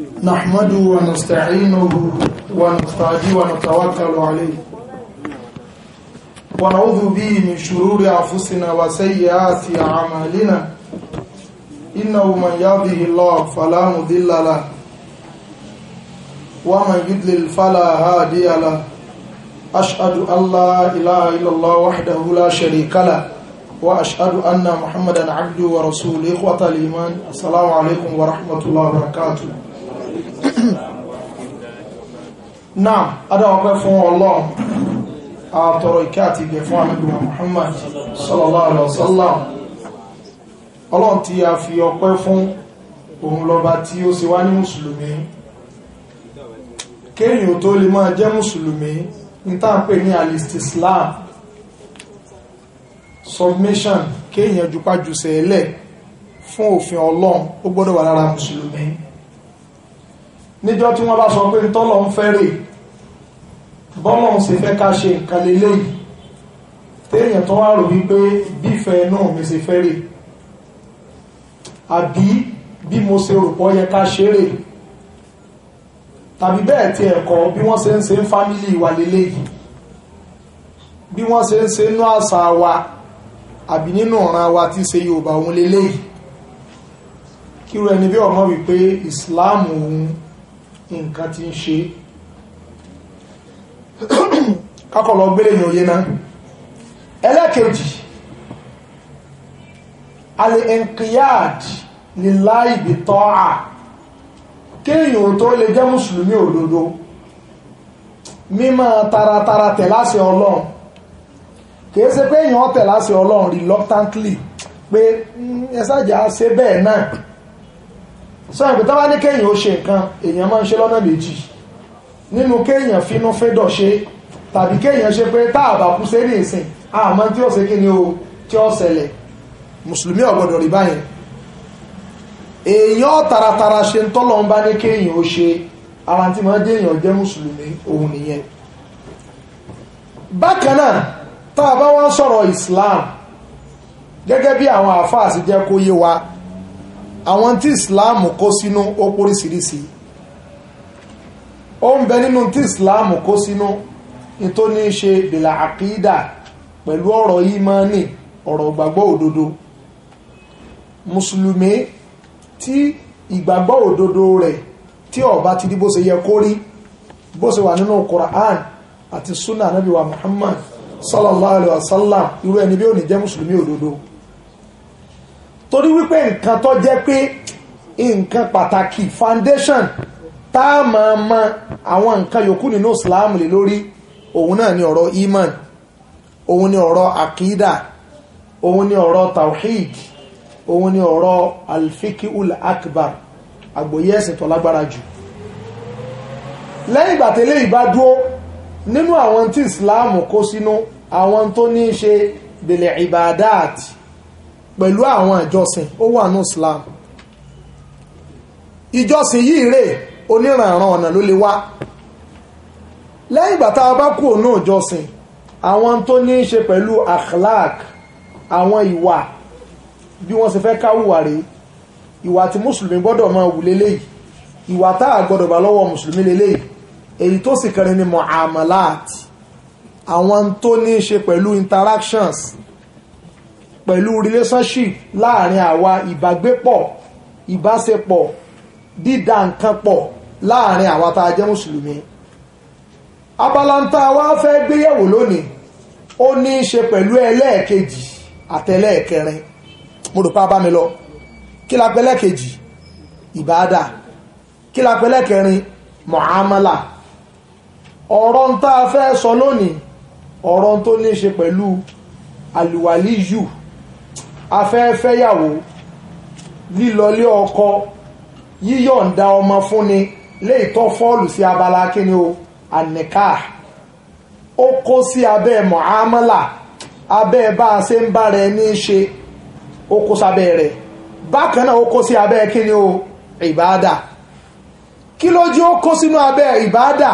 نحمده ونستعينه ونستهديه ونتوكل عليه ونعوذ به من شرور أنفسنا وسيئات أعمالنا إنه من يهده الله فلا مضل له ومن يضلل فلا هادي له أشهد أن لا إله إلا الله وحده لا شريك له وأشهد أن محمدا عبده ورسوله إخوة الإيمان السلام عليكم ورحمة الله وبركاته náà adáwọ̀pẹ́ fún ọlọ́run àtọ̀rọ̀ ìkẹ́ àti ìgbẹ̀ fún àmìlúwà Muhammad sallallahu alaihi wasallam ọlọ́run tí a fi ọpẹ́ fún òun lọba tí ó ṣe wá ní mùsùlùmí kéèyàn tó lè máa jẹ́ mùsùlùmí ní tàbí ní alistislam submission kéèyàn jupájúsẹ̀ ẹlẹ̀ fún òfin ọlọ́run ó gbọ́dọ̀ wà lára mùsùlùmí níjọ́ tí wọ́n bá sọ pé ntọ́lọ̀ ń fẹ́rẹ̀ bọ́lọ̀ ń ṣe fẹ́ ká ṣe nǹkan lélẹ́yìí téèyàn tó wá rò wípé bífẹ́ náà mi ṣe fẹ́rẹ̀ àbí bí mo ṣe rò pọ̀ yẹ ká ṣeré tàbí bẹ́ẹ̀ tí ẹ̀kọ́ bí wọ́n ṣe ń ṣe ń fámílì wa lélẹ́yìí bí wọ́n ṣe ń ṣe nú àṣà wa àbí nínú ọ̀ràn wa tí ṣe Yorùbá òun lélẹ́yìí kírò ẹni bí ọmọ wípé Islam òun nǹkan ti ń ṣe kákọ̀lọ́ gbélé ní oyé náà ẹlẹ́kejì al-inqiyad lillahi bi ta'a kéèyàn tó lè jẹ́ mùsùlùmí òdodo mímọ́ taratara tẹ̀láṣẹ ọlọ́run kìí ṣe pé èèyàn tẹ̀láṣẹ ọlọ́run reluctantly pé hmm, ẹsájà ṣe bẹ́ẹ̀ náà sọ ìpè tó bá ní kéèyàn ó ṣe nǹkan èèyàn máa ń ṣe lọ́nà méjì nínú kéèyàn finú fẹ́dọ̀ ṣe tàbí kéèyàn ṣe pé tá àbá kú sé ní ìsìn àmọ́ tí ó ṣe kí ni o tí ó ṣẹlẹ̀ mùsùlùmí ò rí báyẹn èèyàn taratara ṣe ń tọ́lọ̀ ń bá ní kéèyàn ó ṣe ara tí máa jẹ́ èèyàn jẹ́ mùsùlùmí òun nìyẹn bákan náà tá wá sọ̀rọ̀ Islam gẹ́gẹ́ bí àwọn àáfàá sì jẹ́ kó yé wa àwọn tí islam kó sínú ó póríṣiríṣi ó ń bẹ nínú tí islam kó sínú tó ní í ṣe bìlà àkídà pẹ̀lú ọ̀rọ̀ ìmánì ọ̀rọ̀ ìgbàgbọ́ òdodo mùsùlùmí tí ìgbàgbọ́ òdodo rẹ̀ tí ó bá ti di bó ṣe yẹ kó rí bó ṣe wà nínú Qur'an àti sunna Ànábì wa Muhammad sallallahu alaihi wasallam irú ẹni bí ó ní jẹ́ mùsùlùmí òdodo torí wípé nǹkan tó jẹ́ pé nǹkan pàtàkì foundation tá a máa mọ àwọn nǹkan yòókù nínú Islam lè lórí òun náà ni ọ̀rọ̀ iman òun ni ọ̀rọ̀ akida òun ni ọ̀rọ̀ tawhid òun ni ọ̀rọ̀ alfikul akbar àgbòyé ẹ̀sìn tó lágbára jù lẹ́yìn ìgbà tẹ́lẹ̀ ìbá dúró nínú àwọn tí Islam kó sínú àwọn tó ní í ṣe bèlè ibadat pẹ̀lú àwọn ìjọsìn ó wà ní Islam ìjọsìn yìí rè oníranran ọ̀nà ló lè wá lẹ́yìn ìgbà tá a bá kú òun náà ìjọsìn àwọn tó ní í ṣe pẹ̀lú akhlaq àwọn ìwà bí wọ́n ṣe fẹ́ káwùwà rèé ìwà tí mùsùlùmí gbọ́dọ̀ máa wù léléyìí ìwà tá a gbọ́dọ̀ bá lọ́wọ́ mùsùlùmí léléyìí èyí tó sì kẹrin ni muamalat àwọn tó ní í ṣe pẹ̀lú interactions pẹ̀lú relationship láàrin àwa ìbágbépọ̀ ìbáṣepọ̀ dídá nǹkan pọ̀ láàrin àwa tá a jẹ́ mùsùlùmí abala ń tá a wá fẹ́ gbéyẹ̀wò lónìí ó ní í ṣe pẹ̀lú ẹlẹ́ẹ̀kejì àtẹlẹ́ẹ̀kẹrin mo rò pé a bá mi lọ kí la pẹ́ lẹ́ẹ̀kejì ìbáadà kí la pẹ́ lẹ́ẹ̀kẹrin mọ̀hámálà ọ̀rọ̀ ń tá fẹ́ sọ lónìí ọ̀rọ̀ tó ní í ṣe pẹ̀lú àlùwàlíyù afẹ́fẹ́yàwó lílọlé ọkọ yíyọ̀ǹda ọmọ fúnni léètọ́ fọ́ọ̀lù sí abala kíni o ànìká ó kó sí abẹ́ mọ̀hámọ́là abẹ́ bá a ṣe ń bára ẹni ṣe ó kó sábẹ́ rẹ̀ bákan náà ó kó sí abẹ́ kíni o ìbáadà kí lójú ó kó sínú abẹ́ ìbáadà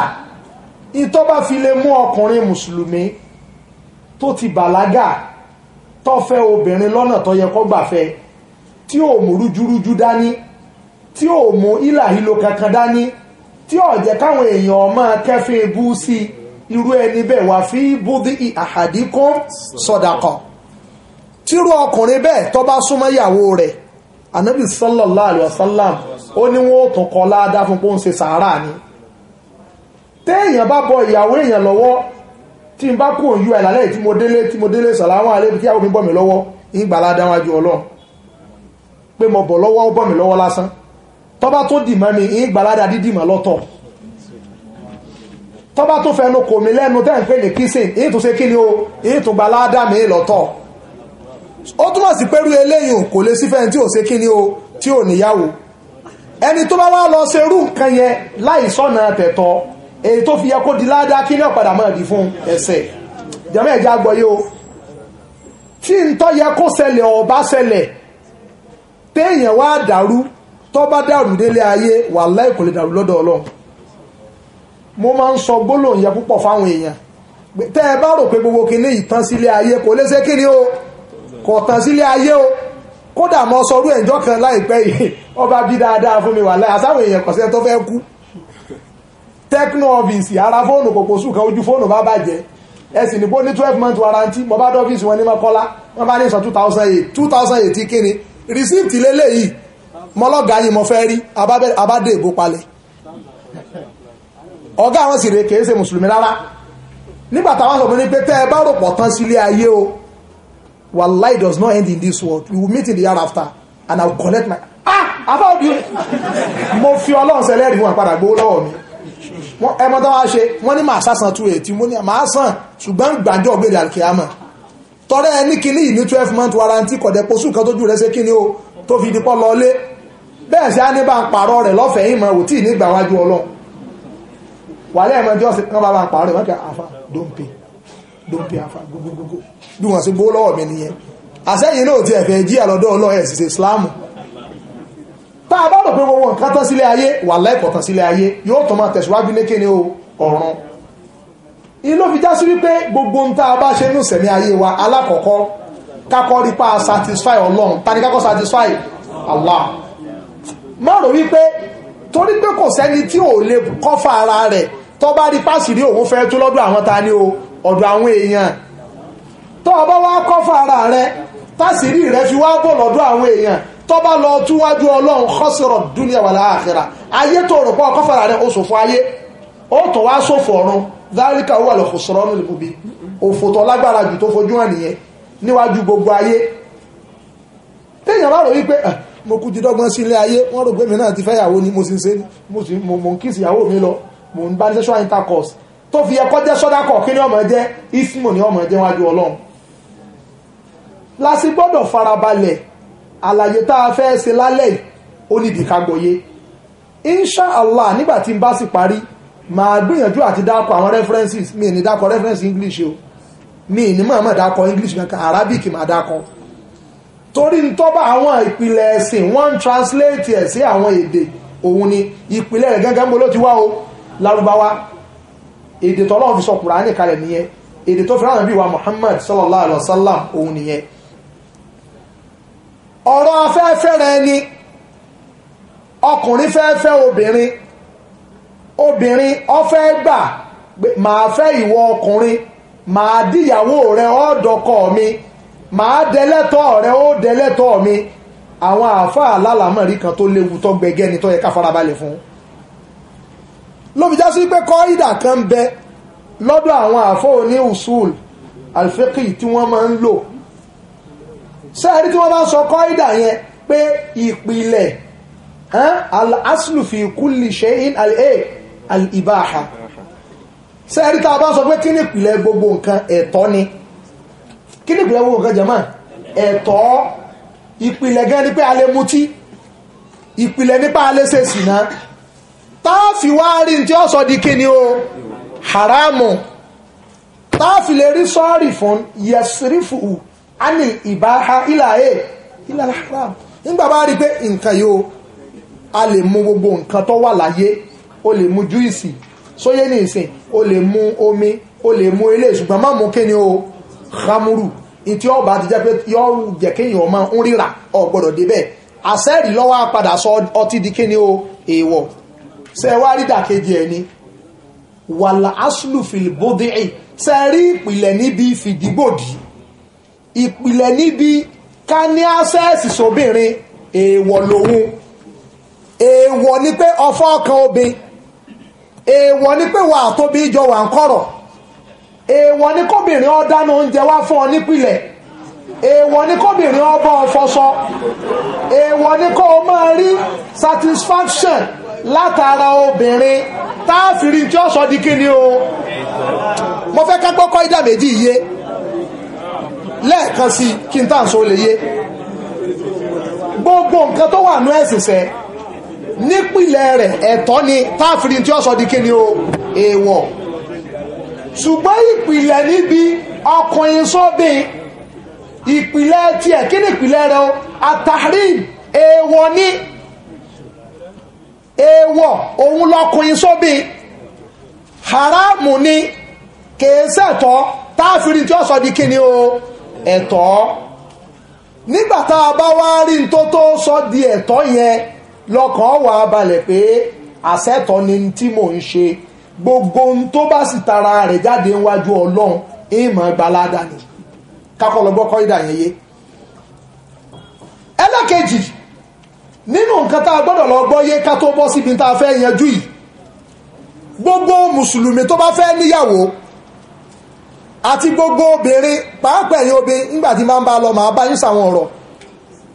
ìtọ́ fi lè mú ọkùnrin mùsùlùmí tó ti bàlágà tọ́fẹ́ fẹ́ obìnrin lọ́nà tọ́ yẹ kọ́ gbàfẹ́ tí ò mú rújúrújú dání tí ò mú ìlàhílo kankan dání tí ò jẹ́ káwọn èèyàn máa kẹ́fín bú sí irú ẹni bẹ́ẹ̀ wà fí búdí àhàdíkún sọ̀dàkọ̀ tírú ọkùnrin bẹ́ẹ̀ tọ́ bá súnmọ́ ìyàwó rẹ̀ anabi sallallahu alaihi wasallam ó ní wọn ó tún kọ́ ládá fún pé ó ń ṣe sàárà ni téèyàn bá bọ ìyàwó èèyàn lọ́wọ́ tí n bá kúrò ní ui lálẹ́ tí mo délé tí mo délé sàlámù aláìkùm kí àwọn mi bọ́ mi lọ́wọ́ ìgbàlá dáwájú ọlọ́run pé mo bọ̀ lọ́wọ́ ó bọ́ mi lọ́wọ́ lásán tọ́bá tó dìmọ́ mi ìgbàlá dá dídìmọ́ lọ́tọ̀ tọ́bá tó fẹnu kò mí lẹ́nu tẹ́ ń pè ní kissing èyí tó ṣe kí ni o èyí tó gba láádá mi lọ́tọ̀ ó túmọ̀ sí pẹ́rú eléyìí kò lè sí fẹ́ni tí ò ṣe kí ni o tí ò níyàwó ẹni tó bá wá lọ ṣerú nǹkan yẹn láì sọ́nà tẹ̀tọ́ èyí tó fi yẹ kó di ládá kí náà padà máa di fún ẹsẹ̀ jẹ́mọ́ ẹ̀já gbọ́yé o tí ń tọ́ yẹ kó ṣẹlẹ̀ ọ̀bá ṣẹlẹ̀ téèyàn wá dàrú tó bá dàrú délé ayé wàláhì kò lè dàrú lọ́dọ̀ ọlọ́run mo máa ń sọ gbólóhùn yẹ púpọ̀ fáwọn èèyàn tẹ́ ẹ bá rò pé gbogbo kinní ìtàn sílé ayé kò lè ṣe kíni o kò tàn sílé ayé o kódà mo sọrú ẹ̀jọ́ kan láìpẹ́ yìí ọba bí dáadáa fún mi wàláhì àsáwọn èèyàn kọ̀ṣẹ́ Tecno ọ́fíìsì ara fóònù kòkó sùn kan ojú fóònù bá bàjẹ́ ẹ sì ní bó ní twelve month warranty mo bá dọ́fíìsì wọn ní mọ́kọ́lá wọ́n bá ní sọ two thousand eight two thousand eight kíni receipt lélẹ́yìí mọ́lọ́gà yìí mo fẹ́ rí abádé ìbò palẹ̀ ọ̀gá àwọn sì rè kèé ṣe mùsùlùmí rárá nígbà táwọn sọ̀rọ̀ ní pé tẹ́ ẹ bá rò pọ̀ tán sílé ayé o wallahi does not end in this world we will meet in the year after and i will collect my ah afáwọ́ you. mo fi ọlọ́run sẹlẹ́rìí wọn padà gbowó lọ́wọ́ mi ẹmọ tó wá ṣe wọ́n ní màá sásán two eighty mo ní màá sàn ṣùgbọ́n gbàjọ́ ògbèrè àlùkìyàmọ̀ tọ́rẹ́ ẹ ní kinní yìí ní twelve month warranty kọ̀dẹ̀ posù kan tójú rẹ̀ ṣe kinní o tó fi dipọ́ lọ lé bẹ́ẹ̀ sí á ní bá ń pààrọ̀ rẹ̀ lọ́fẹ̀ẹ́ yìí mọ̀ òtí ní ìgbàwájú ọlọ́run wàlẹ́ ẹ̀mọ́ jọ́sí kan bá bá ń pààrọ̀ rẹ̀ mọ́kẹ́ àfà don't pay don't pay àfà gbogbogbò bí wọ́n sì gbó lọ́wọ́ mi nìyẹn àṣẹ́yìn náà ti ẹ̀fẹ̀ jí àlọ́dọ́ ọlọ́run ẹ̀ sì ṣe ìsìláàmù tá a bá rò pé gbogbo nǹkan tán sílé ayé wà lẹ́kọ̀ọ́ tán sílé ayé yóò tó máa tẹ̀síwájú ní kíni o ọ̀run inú fi já sí wípé gbogbo ń tá a bá ṣe nù sẹ̀mí ayé wa alákọ̀ọ́kọ́ kákọ́ rí pa satisfy ọlọ́run ta ni kákọ́ satisfy Allah má rò wípé torí pé kò sẹ́ni tí ò lè kọ́fà ara rẹ̀ tó bá rí pàṣírí òun fẹ́ tó lọ́dọ̀ àwọn ta ni o ọ̀dọ̀ àwọn èèyàn tó o wa wá kọ́fà ara rẹ̀ tásìrí rẹ̀ fi wá bọ̀ lọ́dọ̀ àwọn èèyàn tọ́ba lọ túwájú ọlọ́run kọ́sìrọ̀ dúnìyà wà láàkìrà ayé tó rò pọ̀ kọ́fàrà rẹ̀ ó ṣòfò ayé ó tó wá ṣòfò ọ̀run dáríkà wà lọ́kọ̀ sọ̀rọ̀ ní ìbùbí òfò tó lágbára jù tó fojú hàn nìyẹn níwájú gbogbo ayé téèyàn ah, mo kú ti dọ́gbọ́n sí ilé ayé wọ́n rò mo mo ń kíìsì ìyàwó mo ń bá intercourse tó fi ẹkọ́ jẹ́ sọ́dákọ̀ kí ni ni ọmọ jẹ́ wájú ọlọ́run la sì gbọ́dọ̀ farabalẹ̀ àlàyé tá a fẹ́ ṣe lálẹ́ ó ní ìdìkagbọ̀yé inshallah nígbà tí n bá sì parí màá gbìyànjú àti dákọ̀ àwọn references mi ní dákọ̀ reference english o mi ní mọ̀ọ́mọ̀ dákọ̀ english kankan arabic mà dákọ̀ torí n tọ́ba àwọn ìpìlẹ̀ ẹ̀sìn wọ́n translate ẹ̀ sí àwọn èdè òun ni ìpìlẹ̀ rẹ̀ gángan bó ló ti wá o lárúbáwá èdè tọ́lọ́run fi sọ Kùránì kalẹ̀ nìyẹn èdè tó fi ránà bí wa Muhammad sallallahu alaihi wa sallam òun nìyẹn ọ̀rọ̀ afẹ́fẹ́ rẹ ni ọkùnrin fẹ́ fẹ́ obìnrin obìnrin ọfẹ́ gbà màá fẹ́ ìwọ ọkùnrin màá díyàwó rẹ ọ̀dọ́kọ mi màá dẹlẹ́tọ̀ rẹ ó dẹlẹ́tọ̀ mi àwọn àáfàá alálàmọ̀rí kan tó léwu tó gbẹgẹ́ ni tó yẹ ká farabalẹ̀ fún ló fi já sí pé kọ́ídà kan ń bẹ lọ́dọ̀ àwọn àáfàá oní usul alfẹ́kì tí wọ́n máa ń lò sẹ́ẹ̀rí tí wọ́n bá ń sọ kọ́ídà yẹn pé ìpìlẹ̀ al-aslu fi kulli shay'in al-ibaha sẹ́ẹ̀rí tá a bá sọ pé kí ni ìpìlẹ̀ gbogbo nǹkan ẹ̀tọ́ ni kí ni ìpìlẹ̀ gbogbo nǹkan jẹ̀mọ́ ẹ̀tọ́ ìpìlẹ̀ gan ni pé a lè mutí ìpìlẹ̀ nípa a lè ṣe sìnà táàfì wá rí tí ó sọ di kí o haramu táàfì lè rí sọ́ọ̀rì fún yẹsìrìfù anil ìbáha ìlàyé ìlàlá e, haram nígbà bá rí pé nǹkan yóò a lè mú gbogbo nǹkan tó wà láyé o lè mú júìsì sóyé ní ìsìn o lè mú omi o lè mú ilé ṣùgbọ́n má mú kíni o hamuru ìtí ọba ti jẹ́ pé yọ jẹ́ kéèyàn ọmọ ń ríra ọ̀gbọ́dọ̀ débẹ̀ àṣẹ́rì lọ́wọ́ padà sọ ọtí di kíni o èèwọ̀ ṣe wá rí dàkejì ẹ̀ ni wàlà aṣlùfìlì bódìí ṣe rí ìpìlẹ̀ níbi fìdígbòdì ìpìlẹ̀ níbi ká ní ásẹ́ẹ̀sì sóbìnrin èèwọ̀ lòun èèwọ̀ ni pé ọfọ́ ọkàn obìn èèwọ̀ ni pé wà tóbi ìjọ wà ń kọ̀rọ̀ èèwọ̀ ni kóbìnrin ó dáná oúnjẹ wá fún ọ nípìlẹ̀ èèwọ̀ ni kóbìnrin ó bá èèwọ̀ ni kó o máa rí satisfaction látara obìnrin táàfìrí tí ó sọ di kíni o mo fẹ́ ká gbọ́kọ́ ìdá méjì yìí lẹ́ẹ̀kan sí kí n tàn so lè yé gbogbo nǹkan tó wà nú ẹ̀sìn sẹ́ nípìnlẹ̀ rẹ̀ ẹ̀tọ́ ni táàfìrí tí ó sọ di kíni o èèwọ̀ ṣùgbọ́n ìpìlẹ̀ níbi ọkùnrin sóbìn ìpìlẹ̀ tiẹ̀ kí ni ìpìlẹ̀ rẹ̀ o àtàrí èèwọ̀ ni èèwọ̀ òun lọkùnrin sóbìn haramu ni kèésẹ̀tọ́ táàfìrí tí ó sọ di kíni o ẹ̀tọ́ nígbà tá a bá wá rí tó tó sọ di ẹ̀tọ́ yẹn lọ́kàn wà á balẹ̀ pé àṣẹ́tọ̀ ni tí mò ń ṣe gbogbo ohun tó bá sì tara rẹ̀ jáde níwájú ọlọ́run ìmọ̀ gbalada ni kakọlọgbọ́kọ́ ìdà yẹn yé ẹlẹ́kejì nínú nǹkan tá a gbọ́dọ̀ lọ gbọ́ yé ká tó bọ́ síbi tá a fẹ́ yanjú yìí gbogbo mùsùlùmí tó bá fẹ́ níyàwó àti gbogbo obìnrin pàápàá ẹ̀yin obìnrin nígbà máa ń bá lọ màá bá yín sàwọn ọ̀rọ̀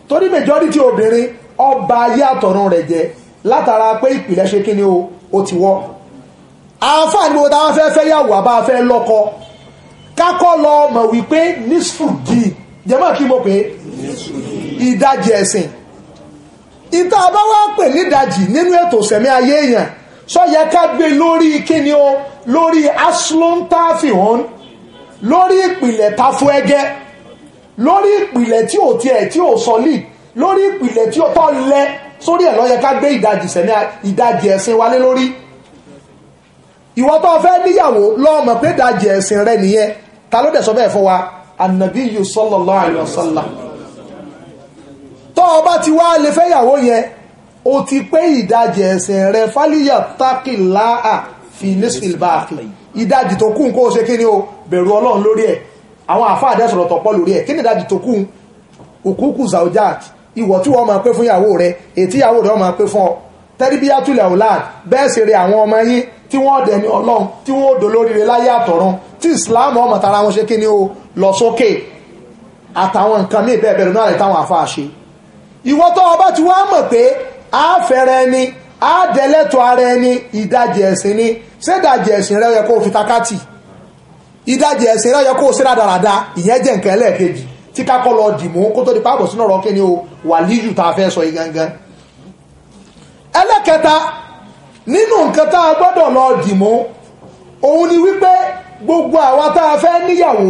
torí majority obìnrin ọba ayé àtọ̀run rẹ̀ jẹ́ látara pé ìpìlẹ̀ ṣe kí ni o ó ti wọ́ àǹfààní wo táwọn fẹ́ fẹ́ yàwó àbá fẹ́ lọ́kọ kákọ́ lọ mọ̀ wípé jẹ́mọ́ kí mo ìdajì ẹ̀sìn ìta bá wá pè nídajì nínú ètò sẹ̀mí lórí ìpìlẹ̀ tafu ẹgẹ́ lórí ìpìlẹ̀ tí ò tiẹ̀ tí ò solid lórí ìpìlẹ̀ tí ó tọ́ lẹ sórí ẹ̀ lọ́yẹ ká gbé ìdajì sẹ́ni ìdajì ẹ̀sìn wálé lórí ìwọ tó fẹ́ níyàwó lọ́mọ pé ìdajì ẹ̀sìn rẹ nìyẹn ta ló dẹ̀ sọ bẹ́ẹ̀ fún wa Ànábì sallallahu alaihi wasallam tó o bá ti wá lè fẹ́ yàwó yẹn o ti pé ìdajì ẹ̀sìn rẹ fálíyà tákìláà fi nísìlbáàkì ìdajì tó kù nǹkó ṣe kí ni o bẹ̀rù ọlọ́run lórí ẹ̀ àwọn àfáà dẹ̀ sọ̀rọ̀ tọ̀pọ̀ lórí ẹ̀ kí ni ìdájì tó kù òkúkù zaujat ìwọ̀ tí wọ́n máa pé fún ìyàwó rẹ̀ ètí ìyàwó rẹ̀ máa pé fún ọ tẹ́ríbíyà tulẹ̀ ọ̀làd bẹ́ẹ̀ sì rẹ àwọn ọmọ yín tí wọ́n dẹ̀ ní ọlọ́run tí wọ́n dò lórí rẹ̀ láyé àtọ̀run tí ìsìláàmù ọmọ tara wọn ṣe kí ni ó lọ sókè àtàwọn nǹkan míì bẹ́ẹ̀ bẹ̀rù náà rẹ̀ táwọn àfáà ṣe ìwọ tó ọba tí wọ́n mọ̀ pé a fẹ́rẹ̀ ẹni a dẹ̀lẹ́tọ̀ ara ẹni ìdajì ẹ̀sìn ni ṣé ìdajì ẹ̀sìn rẹ̀ yẹ kó fi takátì ìdajì ẹ̀sìn rẹ̀ yẹ kó o ṣe rádaràda ìyẹn jẹ́ nǹkan ẹlẹ́ẹ̀kejì tí kákọ́ lọ dì mú kó tó di pápọ̀ sínú ọ̀rọ̀ kí ni o wà líyù tá a fẹ́ sọ yìí gangan ẹlẹ́kẹta nínú nǹkan tá a gbọ́dọ̀ lọ dì mú òun ni wípé gbogbo àwa tá a fẹ́ níyàwó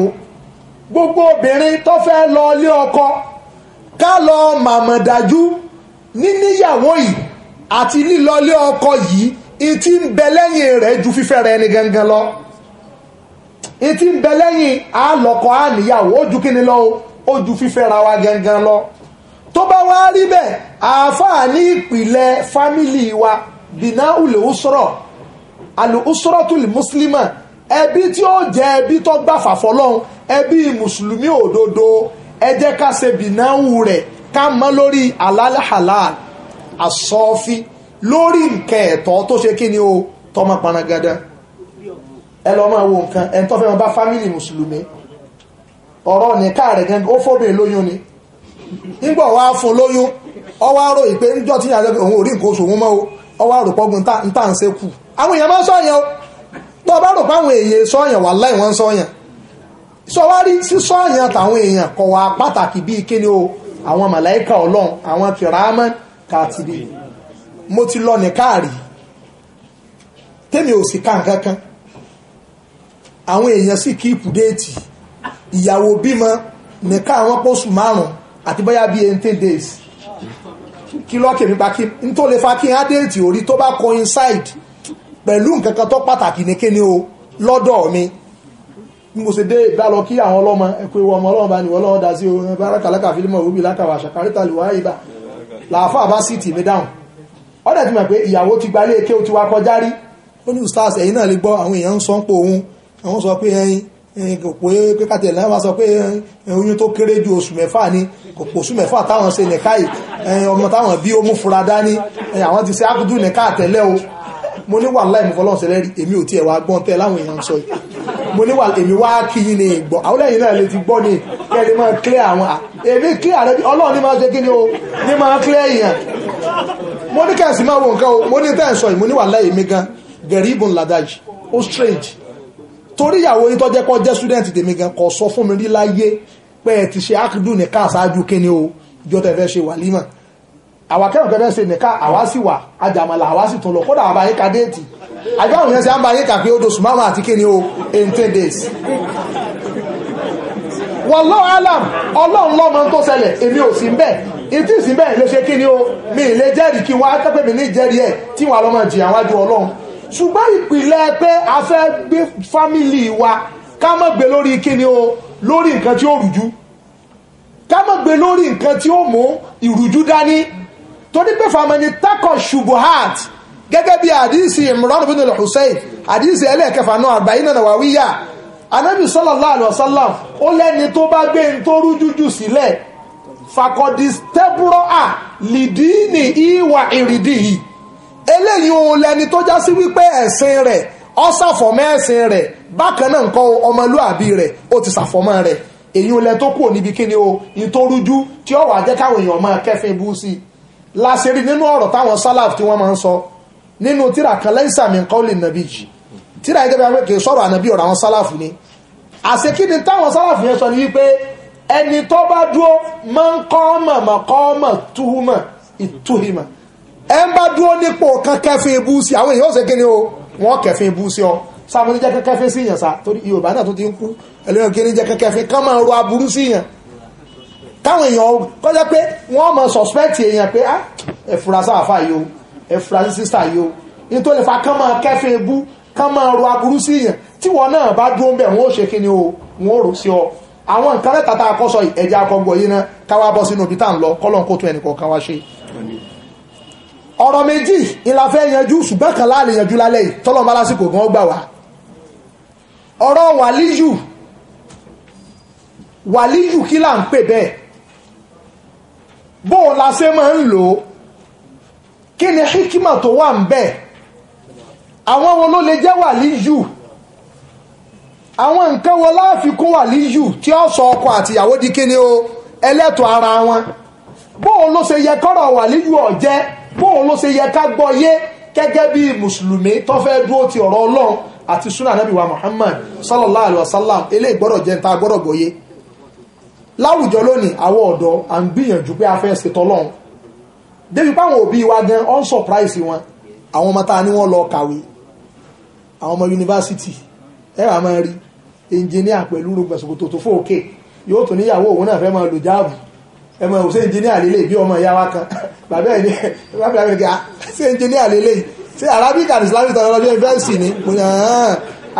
gbogbo obìnrin tó fẹ́ lọ ilé ọkọ ká lọ màmọ̀dájú níníyàwó yìí àti lílọ ilé ọkọ yìí ti ń bẹ lẹ́yìn rẹ̀ ju fífẹ́ rẹ̀ ẹni gangan lọ etí ń bẹ lẹ́yìn àlọ́kọ àníyàwó ó ju kíni lọ ó fífẹ́ ra wa gangan lọ tó bá wá rí bẹ́ẹ̀ àáfàá ní ìpìlẹ̀ fámìlì wa bìnà ulùsọ̀rọ̀ alùsọ̀rọ̀ tó lè mùsùlùmọ̀ ẹbí tí ó jẹ́ ẹbí tó gbà fàfọ́ lọ́hùn ẹbí mùsùlùmí òdodo ẹ jẹ́ ká ṣe bìnà wù rẹ̀ ká mọ́ lórí alálàhàlà àsọ̀ọ́fí lórí nkẹ́ ẹ̀tọ́ tó ṣe kí o tọmọ panagada. ẹ lọ máa wo nǹkan ẹni tó fẹ́ wọn bá fámìlì mùsùlùmí ọ̀rọ̀ nìka rẹ̀ gan ó lóyún ni nígbà wàá fún lóyún ọwọ́ àrò ìpè ńjọ́ tí yàrá òun ò rí nǹkan o ọwọ́ àrò pọ́gun ntà ń ṣekù àwọn èèyàn máa ń sọ̀yàn o tó bá rò páwọn èèyàn sọ̀yàn wà láì wọ́n sọ̀yàn sọwárí èèyàn kọ̀ wá pàtàkì bíi kíni o àwọn ọlọ́run àwọn kàtìrì mo ti lọ tèmi ò sì ká nǹkan àwọn èèyàn sì kíìpù déètì ìyàwó bímọ nìka àwọn pọ́sù márùn àti bóyá bíi eighteen days kí lọ́ọ̀kì mi kí n lè fa kí n á déètì orí tó bá coincide pẹ̀lú nǹkan kan tó pàtàkì ní kíni o lọ́dọ̀ mi mo se dé ìbálọ kí àwọn ọlọ́mọ ẹkù ewu ọmọ ọlọ́mọ bá ní ọlọ́wọ́ dá sí orin bárakàlákà fílímọ̀ òbí lákàwà ṣàkáríta lè wáyé bá làáfà bá sì tì mí dáhùn ọ̀dẹ̀ ti mọ̀ pé ìyàwó ti gbalé eke ó ti wá kọjá rí ó ní ustaz ẹ̀yìn náà lè gbọ́ àwọn èèyàn ń sọ ń pò òun àwọn sọ pé ẹyin ẹyin kò pé pẹ́kàtẹ̀ lẹ́yìn wọn sọ pé ẹyin oyún tó kéré ju oṣù mẹ́fà ni kò pò oṣù mẹ́fà táwọn ṣe nìka yìí ẹyin ọmọ táwọn bí ó mú fura dání ẹyin àwọn ti ṣe ákúdú nìka àtẹ́lẹ́ o mo ní wà láì mú fọlọ́n ṣẹlẹ̀ rí èmi ò tiẹ̀ wá gbọ́n tẹ́ láwọn èèyàn sọ yìí mo ní wà èmi wá kí yín ní ìgbọ́ àwọn lẹ́yìn náà lè ti gbọ́ ní kẹ́lẹ́ máa clear àwọn èmi clear rẹ bí ọlọ́run ní máa ṣe kí ni o ní máa clear èèyàn mo ní kẹ́sì máa wo nǹkan o mo ní tẹ́ ẹ̀ sọ yìí mo ní wà láì mi gan gẹ̀rí ibùn làdájì ó strange torí ìyàwó yín tó jẹ́ jẹ́ student tèmi gan kò sọ fún mi rí láyé pé ẹ ti ṣe ákìdù nìka àṣáájú kíni o ìjọ tẹ fẹ́ ṣe wàlímà àwa kẹ́hìn tẹ fẹ́ ṣe nìka àwa sì wà àjàmàlà àwa sì tún lọ kódà àbá déètì àjọ àwọn yẹn ṣe o days alam ọlọ́run lọ́mọ tó ṣẹlẹ̀ èmi ò sí bẹ́ẹ̀ ni o mi ṣùgbọ́n ìpìlẹ̀ pé a fẹ́ gbé fámìlì wa ká má gbé lórí kíni o lórí nǹkan tí ó rùjú ká má gbé lórí nǹkan tí ó mú ìrùjú dání torí pé fàmìlì takọ̀ ṣubuhat gẹ́gẹ́ bí àdìsí Imran bin al-Husayn àdìsí ẹlẹ́ẹ̀kẹfà náà àgbáyé náà wà wíyà anábì sallallahu alaihi wasallam ó lẹ́ni eléyìí òun lẹni tó já sí wípé ẹ̀sìn rẹ̀ ó ṣàfọ̀mọ́ ẹ̀sìn rẹ̀ bákan náà nǹkan ọmọlúàbí rẹ̀ ó ti ṣàfọ̀mọ́ rẹ̀ èyí òun lẹ tó kù níbi kíni o ìtorújú tí ó wà jẹ́ káwọn èèyàn máa kẹ́fín bú sí i láṣẹ́rí nínú ọ̀rọ̀ táwọn sálàf tí wọ́n máa ń sọ nínú tíra kan lẹ́yìnsà mi nǹkan ó lè nàbí jì tíra yìí gẹ́gẹ́ bí wọ́n kì í sọ̀rọ̀ ànàbí ọ̀rọ̀ àwọn sálàf ni àṣekíni táwọn sálàf yẹn sọ ni wípé ẹni tó bá dúró máa ń kọ́ mọ̀ mọ̀ kọ́ mọ̀ túhùmọ̀ ìtúhìmọ̀ ẹ ń bá dúró nípò kan kẹfin ibú sí àwọn èèyàn ṣe kíni o wọn kẹfin ibú sí ọ sáwọn oníjẹ kẹfin sí yàn sá torí yorùbá náà tó ti ń kú ẹlẹ́yìn kíni jẹ kẹfin kán máa ro aburú sí yàn káwọn èèyàn kọjá pé wọ́n mọ suspect èèyàn pé ah ẹ̀fura sáfà yìí o ẹ̀fura sí sísà yìí o nítorí lè fa kán máa kẹfin ibú kán máa ro aburú sí yàn tí wọn náà bá dúró ń bẹ̀ wọn ó ṣe kíni o wọn ó rò sí ọ àwọn nǹkan mẹ́ta tá a kọ́ sọ ẹ̀jẹ̀ akọgbọ̀ yìí náà káwá bọ́ sínú ibi tá à ń lọ kọ́lọ́n kó tún ẹnì kọ̀ọ̀kan wá ṣe ọ̀rọ̀ méjì ìlà fẹ́ yanjú ṣùgbọ́n kan láàlè yanjú lálẹ́ yìí tọ́lọ́ bá lásìkò gan gbà wá ọ̀rọ̀ wàlíyù wàlíyù kí là ń pè bẹ́ẹ̀ bóun la ṣe máa ń lò ó kí ni hikima tó wà ń bẹ́ẹ̀ àwọn wo ló lè jẹ́ wàlíyù àwọn nǹkan wo láàfikún wàlíyù tí ó sọ ọkọ àtìyàwó di kí ni o ẹlẹ́tọ̀ ara wọn bóun ló ṣe yẹ kọ́rọ̀ wàlíyù ó bóun ló ṣe yẹ ká gbọ́ yé gẹ́gẹ́ bí mùsùlùmí tó fẹ́ dúró ti ọ̀rọ̀ ọlọ́run àti sunnah nabi wa muhammad sallallahu alaihi wa sallam eléyìí gbọ́dọ̀ jẹ́ níta gbọ́dọ̀ gbọ́ yé láwùjọ lónìí àwọn ọ̀dọ́ à ń gbìyànjú pé a fẹ́ ṣe tọ́lọ́run débi pé àwọn òbí wa gan on surprise wọn àwọn ọmọ tá a ní wọ́n lọ kàwé àwọn ọmọ yunifásitì ẹ wà máa rí ẹnjìníà pẹ̀lú rògbòsòkòtò tó fò òkè yóò tó níyàwó òun náà fẹ́ máa lò jáàbù ẹ mọ̀ òṣè ẹnjìníà lélẹ̀ bí ọmọ ìyá wa kan bàbá ẹ̀ ní bàbá ẹ̀ ní ah, ṣé ẹnjìníà lélẹ́yìí ṣé arabic and islamic studies ọlọ́bí ẹ̀fẹ́ǹsì ni mo ní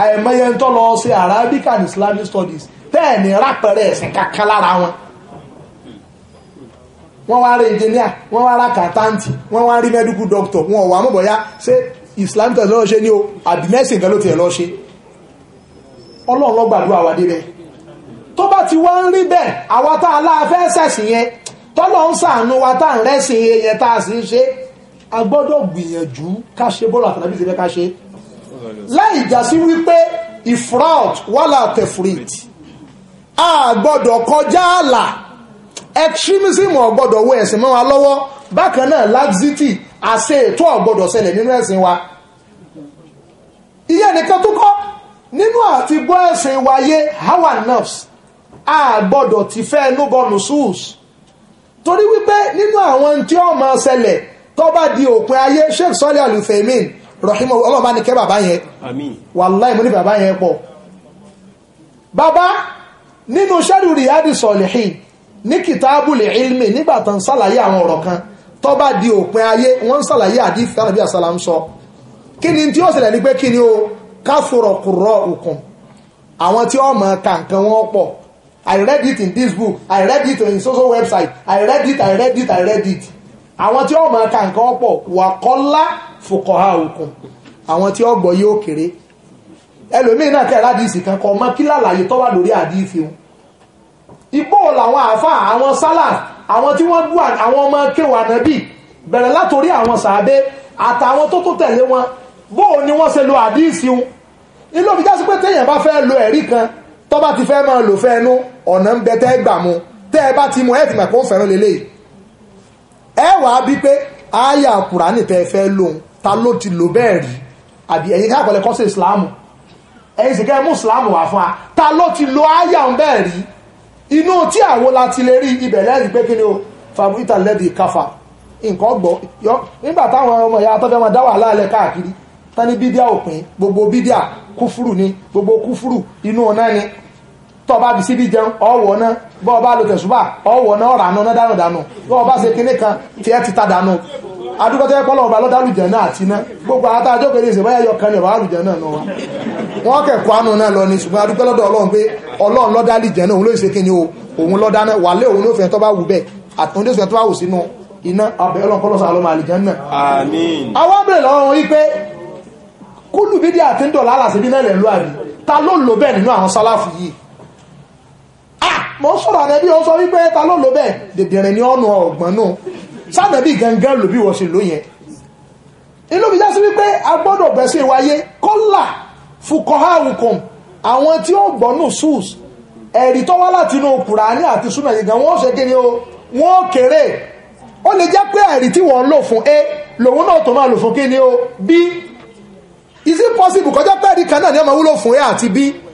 àìmọye ń tọ́ lọ ṣe arabic and islamic studies bẹ́ẹ̀ ni rápẹ̀rẹ̀ ẹ̀sìn kankan lára wọn wọ́n wá rí ẹnjìníà wọ́n wá rá kàtáǹtì wọ́n wá rí medical doctor wọn ò wà mọ̀ bọ̀yá islamic studies lọ́ọ́ ṣe ní o àbí mẹ́sìn kan ló tiẹ̀ lọ́ọ́ ṣe ọlọ́run ló gbàdúrà wa débẹ̀ tó bá ti wá ń rí bẹ́ẹ̀ àwa tá a láàfẹ́ ṣẹ̀sìn yẹn tọ́lọ́ ń sàánú wa tá à ń rẹ́sìn èèyàn tá a sì ń ṣe a gbọ́dọ̀ gbìyànjú ká ṣe bọ́ọ̀lù àtàlábí ti fẹ́ ká ṣe láì já wípé ifraut wàhálà tefrit a gbọ́dọ̀ kọjá àlà extremism ò gbọ́dọ̀ wọ ẹ̀sìn mọ́ wa lọ́wọ́ bákan náà laxity àṣẹ ètò ò gbọ́dọ̀ ṣẹlẹ̀ nínú ẹ̀sìn wa ìyẹn nìkan tó kọ́ nínú àti bọ́ ẹ̀sìn wáyé hawa nerves a gbọ́dọ̀ ti fẹ́ ẹnu bọ́ nusus torí wípé nínú àwọn tí ó máa ṣẹlẹ̀ tó bá di òpin ayé sheikh sọ́lé alufemin rahimu ọlọ́ba ní kẹ́ bàbá yẹn wàláì mo ní bàbá yẹn pọ̀ bàbá nínú sẹ́rù riyadi sọ̀lẹ̀hìn ní kìtàbùlẹ̀ ilmi nígbà tán ṣàlàyé àwọn ọ̀rọ̀ kan tó bá di òpin ayé wọ́n ń ṣàlàyé àdífẹ́ ànàbí àsàlám sọ kí àwọn tí ó máa kà wọn pọ̀ I read it in this book I read it in social website I read it I read it I read it àwọn tí ó mọ̀ ká nǹkan pọ̀ wà kọ́lá fòkọ̀há òkun àwọn tí ó gbọ́ yóò kéré ẹlòmíín náà kẹ́ra àdìsí kan kọ́ ọmọ kí lálàyé tó wà lórí àdìsí wọn ipò làwọn àáfàá àwọn sálà àwọn tí wọ́n gbọ́ àwọn ọmọ kéwà nàbì bẹ̀rẹ̀ látòrí àwọn sàábé àtàwọn tó tó tẹ̀lé wọn bóò ni wọ́n ṣe lo àdìsí wọn ilé òbí jásí pé téèyàn bá fẹ́ lo ẹ̀rí kan tó bá ti fẹ́ máa lò fẹ́ nú ọ̀nà ń bẹ tẹ́ gbà mu tẹ́ ti mu ẹ ti mọ̀ kó ń fẹ́ràn lélẹ̀ ẹ wàá bí pé àyà kùránì ta ló ti lò bẹ́ẹ̀ rí àbí ẹ̀yin káàkọ́lẹ̀ kọ́ ìsìláàmù sì kẹ́ mú ìsìláàmù ta ló ti lo àyà ń bẹ́ẹ̀ rí inú tí àwo la ti lè rí ni o favorita lẹ́dí káfà nǹkan gbọ́ nígbà táwọn ọmọ ìyá tó máa dá wàhálà ẹlẹ́ káàkiri tán bídíà òpin gbogbo bídíà kúfúrù gbogbo kúfúrù inú ọ̀nà ni tọ́ bá fi síbí jẹun ọ̀wọ̀ náà bọ́ bá lo tẹ̀sùbà ọ̀wọ̀ náà ọ̀rà náà dànù dànù bọ́ bá ṣe kinní kan tiẹ̀ ti ta dànù adúgbọ́tẹ́ pọ́lọ̀ ọba lọ́dá lùjẹ̀ náà àti iná gbogbo àtàjọ́ pé ní ìṣẹ̀báyà yọ kan lẹ̀wà lùjẹ̀ náà náà wọ́n kẹ̀kọ́ kúlù bídí àti ń bí náà lẹ̀ lọ́ àbí ta ló lò bẹ́ẹ̀ nínú àwọn sálàfù yìí mo sọ̀rọ̀ ànẹ́bí ó sọ wípé ta ló lò bẹ́ẹ̀ dèdèrìn ní ọ̀nà ọ̀gbọ̀n náà sànẹ́bí gangan lò bí wọ́n ṣe lò yẹn inú mi já sí wípé a gbọ́dọ̀ bẹ̀sẹ̀ wáyé kọ́là fukọ́háwùkùn àwọn tí ó gbọ́nù sùs ẹ̀rí tó wá láti inú kùránì àti súnà yìí gan wọ́n ṣe kí ni o wọ́n kéré ó lè jẹ́ pé ẹ̀rí tí wọ́n lò fún a lòun náà tó máa lò fún kí ni o b is it possible kọjá pẹ́ẹ́rì kan náà ni ó máa wúlò fún a àti b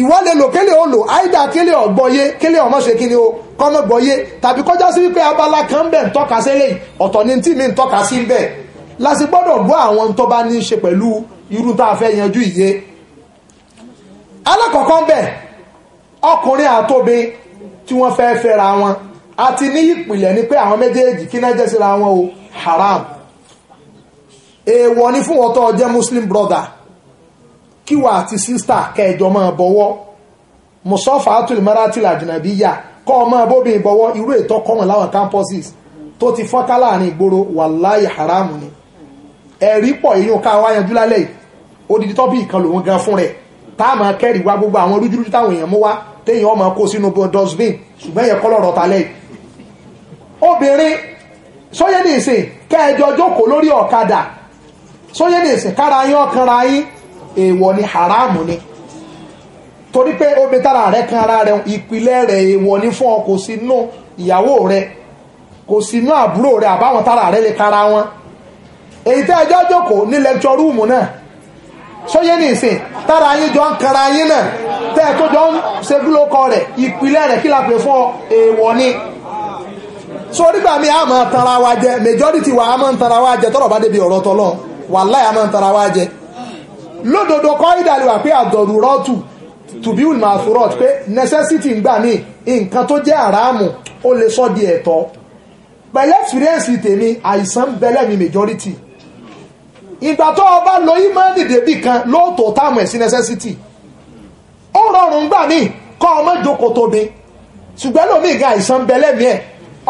ìwọ lè lò kélé ó lò àìdá kélé ọ̀gbọ́yé kélé ọmọ ṣe kí ni o kọ́mọ gbọ́yé tàbí kọjá sí wípé abala kan bẹ̀ ń tọ́ka sílẹ̀ ọ̀tọ̀ ni tí mi ń tọ́ka sí bẹ́ẹ̀ láti gbọ́dọ̀ gbọ́ àwọn tó bá ní í ṣe pẹ̀lú irú tá a fẹ́ yanjú ìyé alákọ̀ọ́kọ́ ń bẹ̀ ọkùnrin àtòbe tí wọ́n fẹ́ fẹ́ra wọn àti ní ìpìlẹ̀ ni pé àwọn méjèèjì kí náà jẹ́ wọn o haram èèwọ̀ ni fún wọn tó jẹ́ muslim brother kíwà àti sísítà kẹjọ máa bọ̀wọ́ mùsọ́fà àtúlù maratil àjùnàbí yà kọ́ ọmọ bóbi ìbọ̀wọ́ irú ètò kọ́mọ̀ láwọn campuses tó ti fọ́nká láàrin ìgboro wàláyé haramu ni ẹ̀rí pọ̀ èyí ká wá yanjú lálẹ́ odidi tọ́bí ìkan lòun gan fún rẹ̀ tá a máa kẹ́rì wá gbogbo àwọn rújúrújú táwọn èèyàn mú wá téèyàn ọmọ kó sínú dustbin ṣùgbọ́n yẹ kọ́lọ̀ rọ̀ta lẹ́yìn obìnrin sóyẹ́ nìsín kẹ́ẹ̀jọ jókòó lórí ọ̀kadà sóyẹ́ nìsín kára yín ọkànra yín èèwọ̀ ni haramu ni torí pé omi tára rẹ kan ara rẹ ìpìlẹ̀ rẹ èèwọ̀ ni fún ọ kò sínú ìyàwó rẹ kò sínú àbúrò rẹ àbáwọn tára rẹ lè kára wọn èyí tẹ́ ẹjọ́ jókòó ní lẹ́kṣọ́ rúùmù náà sóyé ní ìsìn tára yín jọ ń kanra yín náà tẹ́ ẹ tó jọ ń ṣe gúlókọ rẹ̀ ìpìlẹ̀ rẹ̀ kí la pè fún ọ èèwọ̀ ni so nígbà míì a wa jẹ majority wa a máa ń tanra wa jẹ tọ́rọ̀ bá débi ọ̀rọ̀ tọ́lọ́ wàláì a máa wa jẹ lódodo kọ́ ìdàlùwà pé àdọ̀rùrọ́tù tùbí ulmasurot pé necessity ń gbà ní nǹkan tó jẹ́ àràmù ó lè sọ di ẹ̀tọ́ pẹ̀lú experience tèmi àìsàn bẹ́lẹ̀ mi majority ìgbà tó o bá lọ ìmọ̀ọ́nì débì kan lóòótọ́ táàmù ẹ̀ sí necessity ó rọrùn gbà mí kọ́ ọmọ ìjókòó tóbi ṣùgbọ́n lómi ìgbà àìsàn bẹ́lẹ̀ mi ẹ̀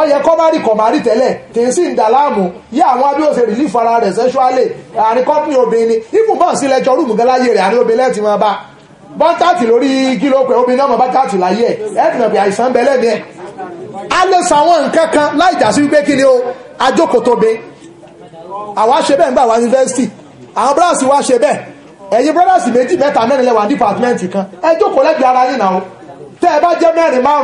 ó yẹ kọ́ bá rí kọ̀ má rí tẹ́lẹ̀ tí ń sì ń dà láàmú àwọn abíyọ̀sẹ̀ relief ara rẹ̀ sexually àárín kọ́pìnì obìnrin ibùn bọ́ọ̀ sí lẹ́jọ́ rúùmù gan láyé rẹ̀ àárín obìnrin ti máa bá bọ́ńtàtì lórí kíló pẹ̀ obìnrin náà bá tààtì láyé ẹ̀ ẹ̀ tìǹbì àìsàn bẹ́lẹ̀ mi ẹ̀. a lè sọ àwọn nǹkan kan láì jà sí wípé kí ni o ajókòtóbe àwa ṣe bẹ́ẹ̀ nígbà wá yunifásitì àwọn brothers wa ṣe bẹ́ẹ̀ ẹ̀yin brothers méjì mẹ́ta mẹ́rin lẹ́wà dípàtmẹ́ǹtì kan ẹ jókòó lẹ́gbẹ̀ẹ́ ara yín náà tẹ́ ẹ bá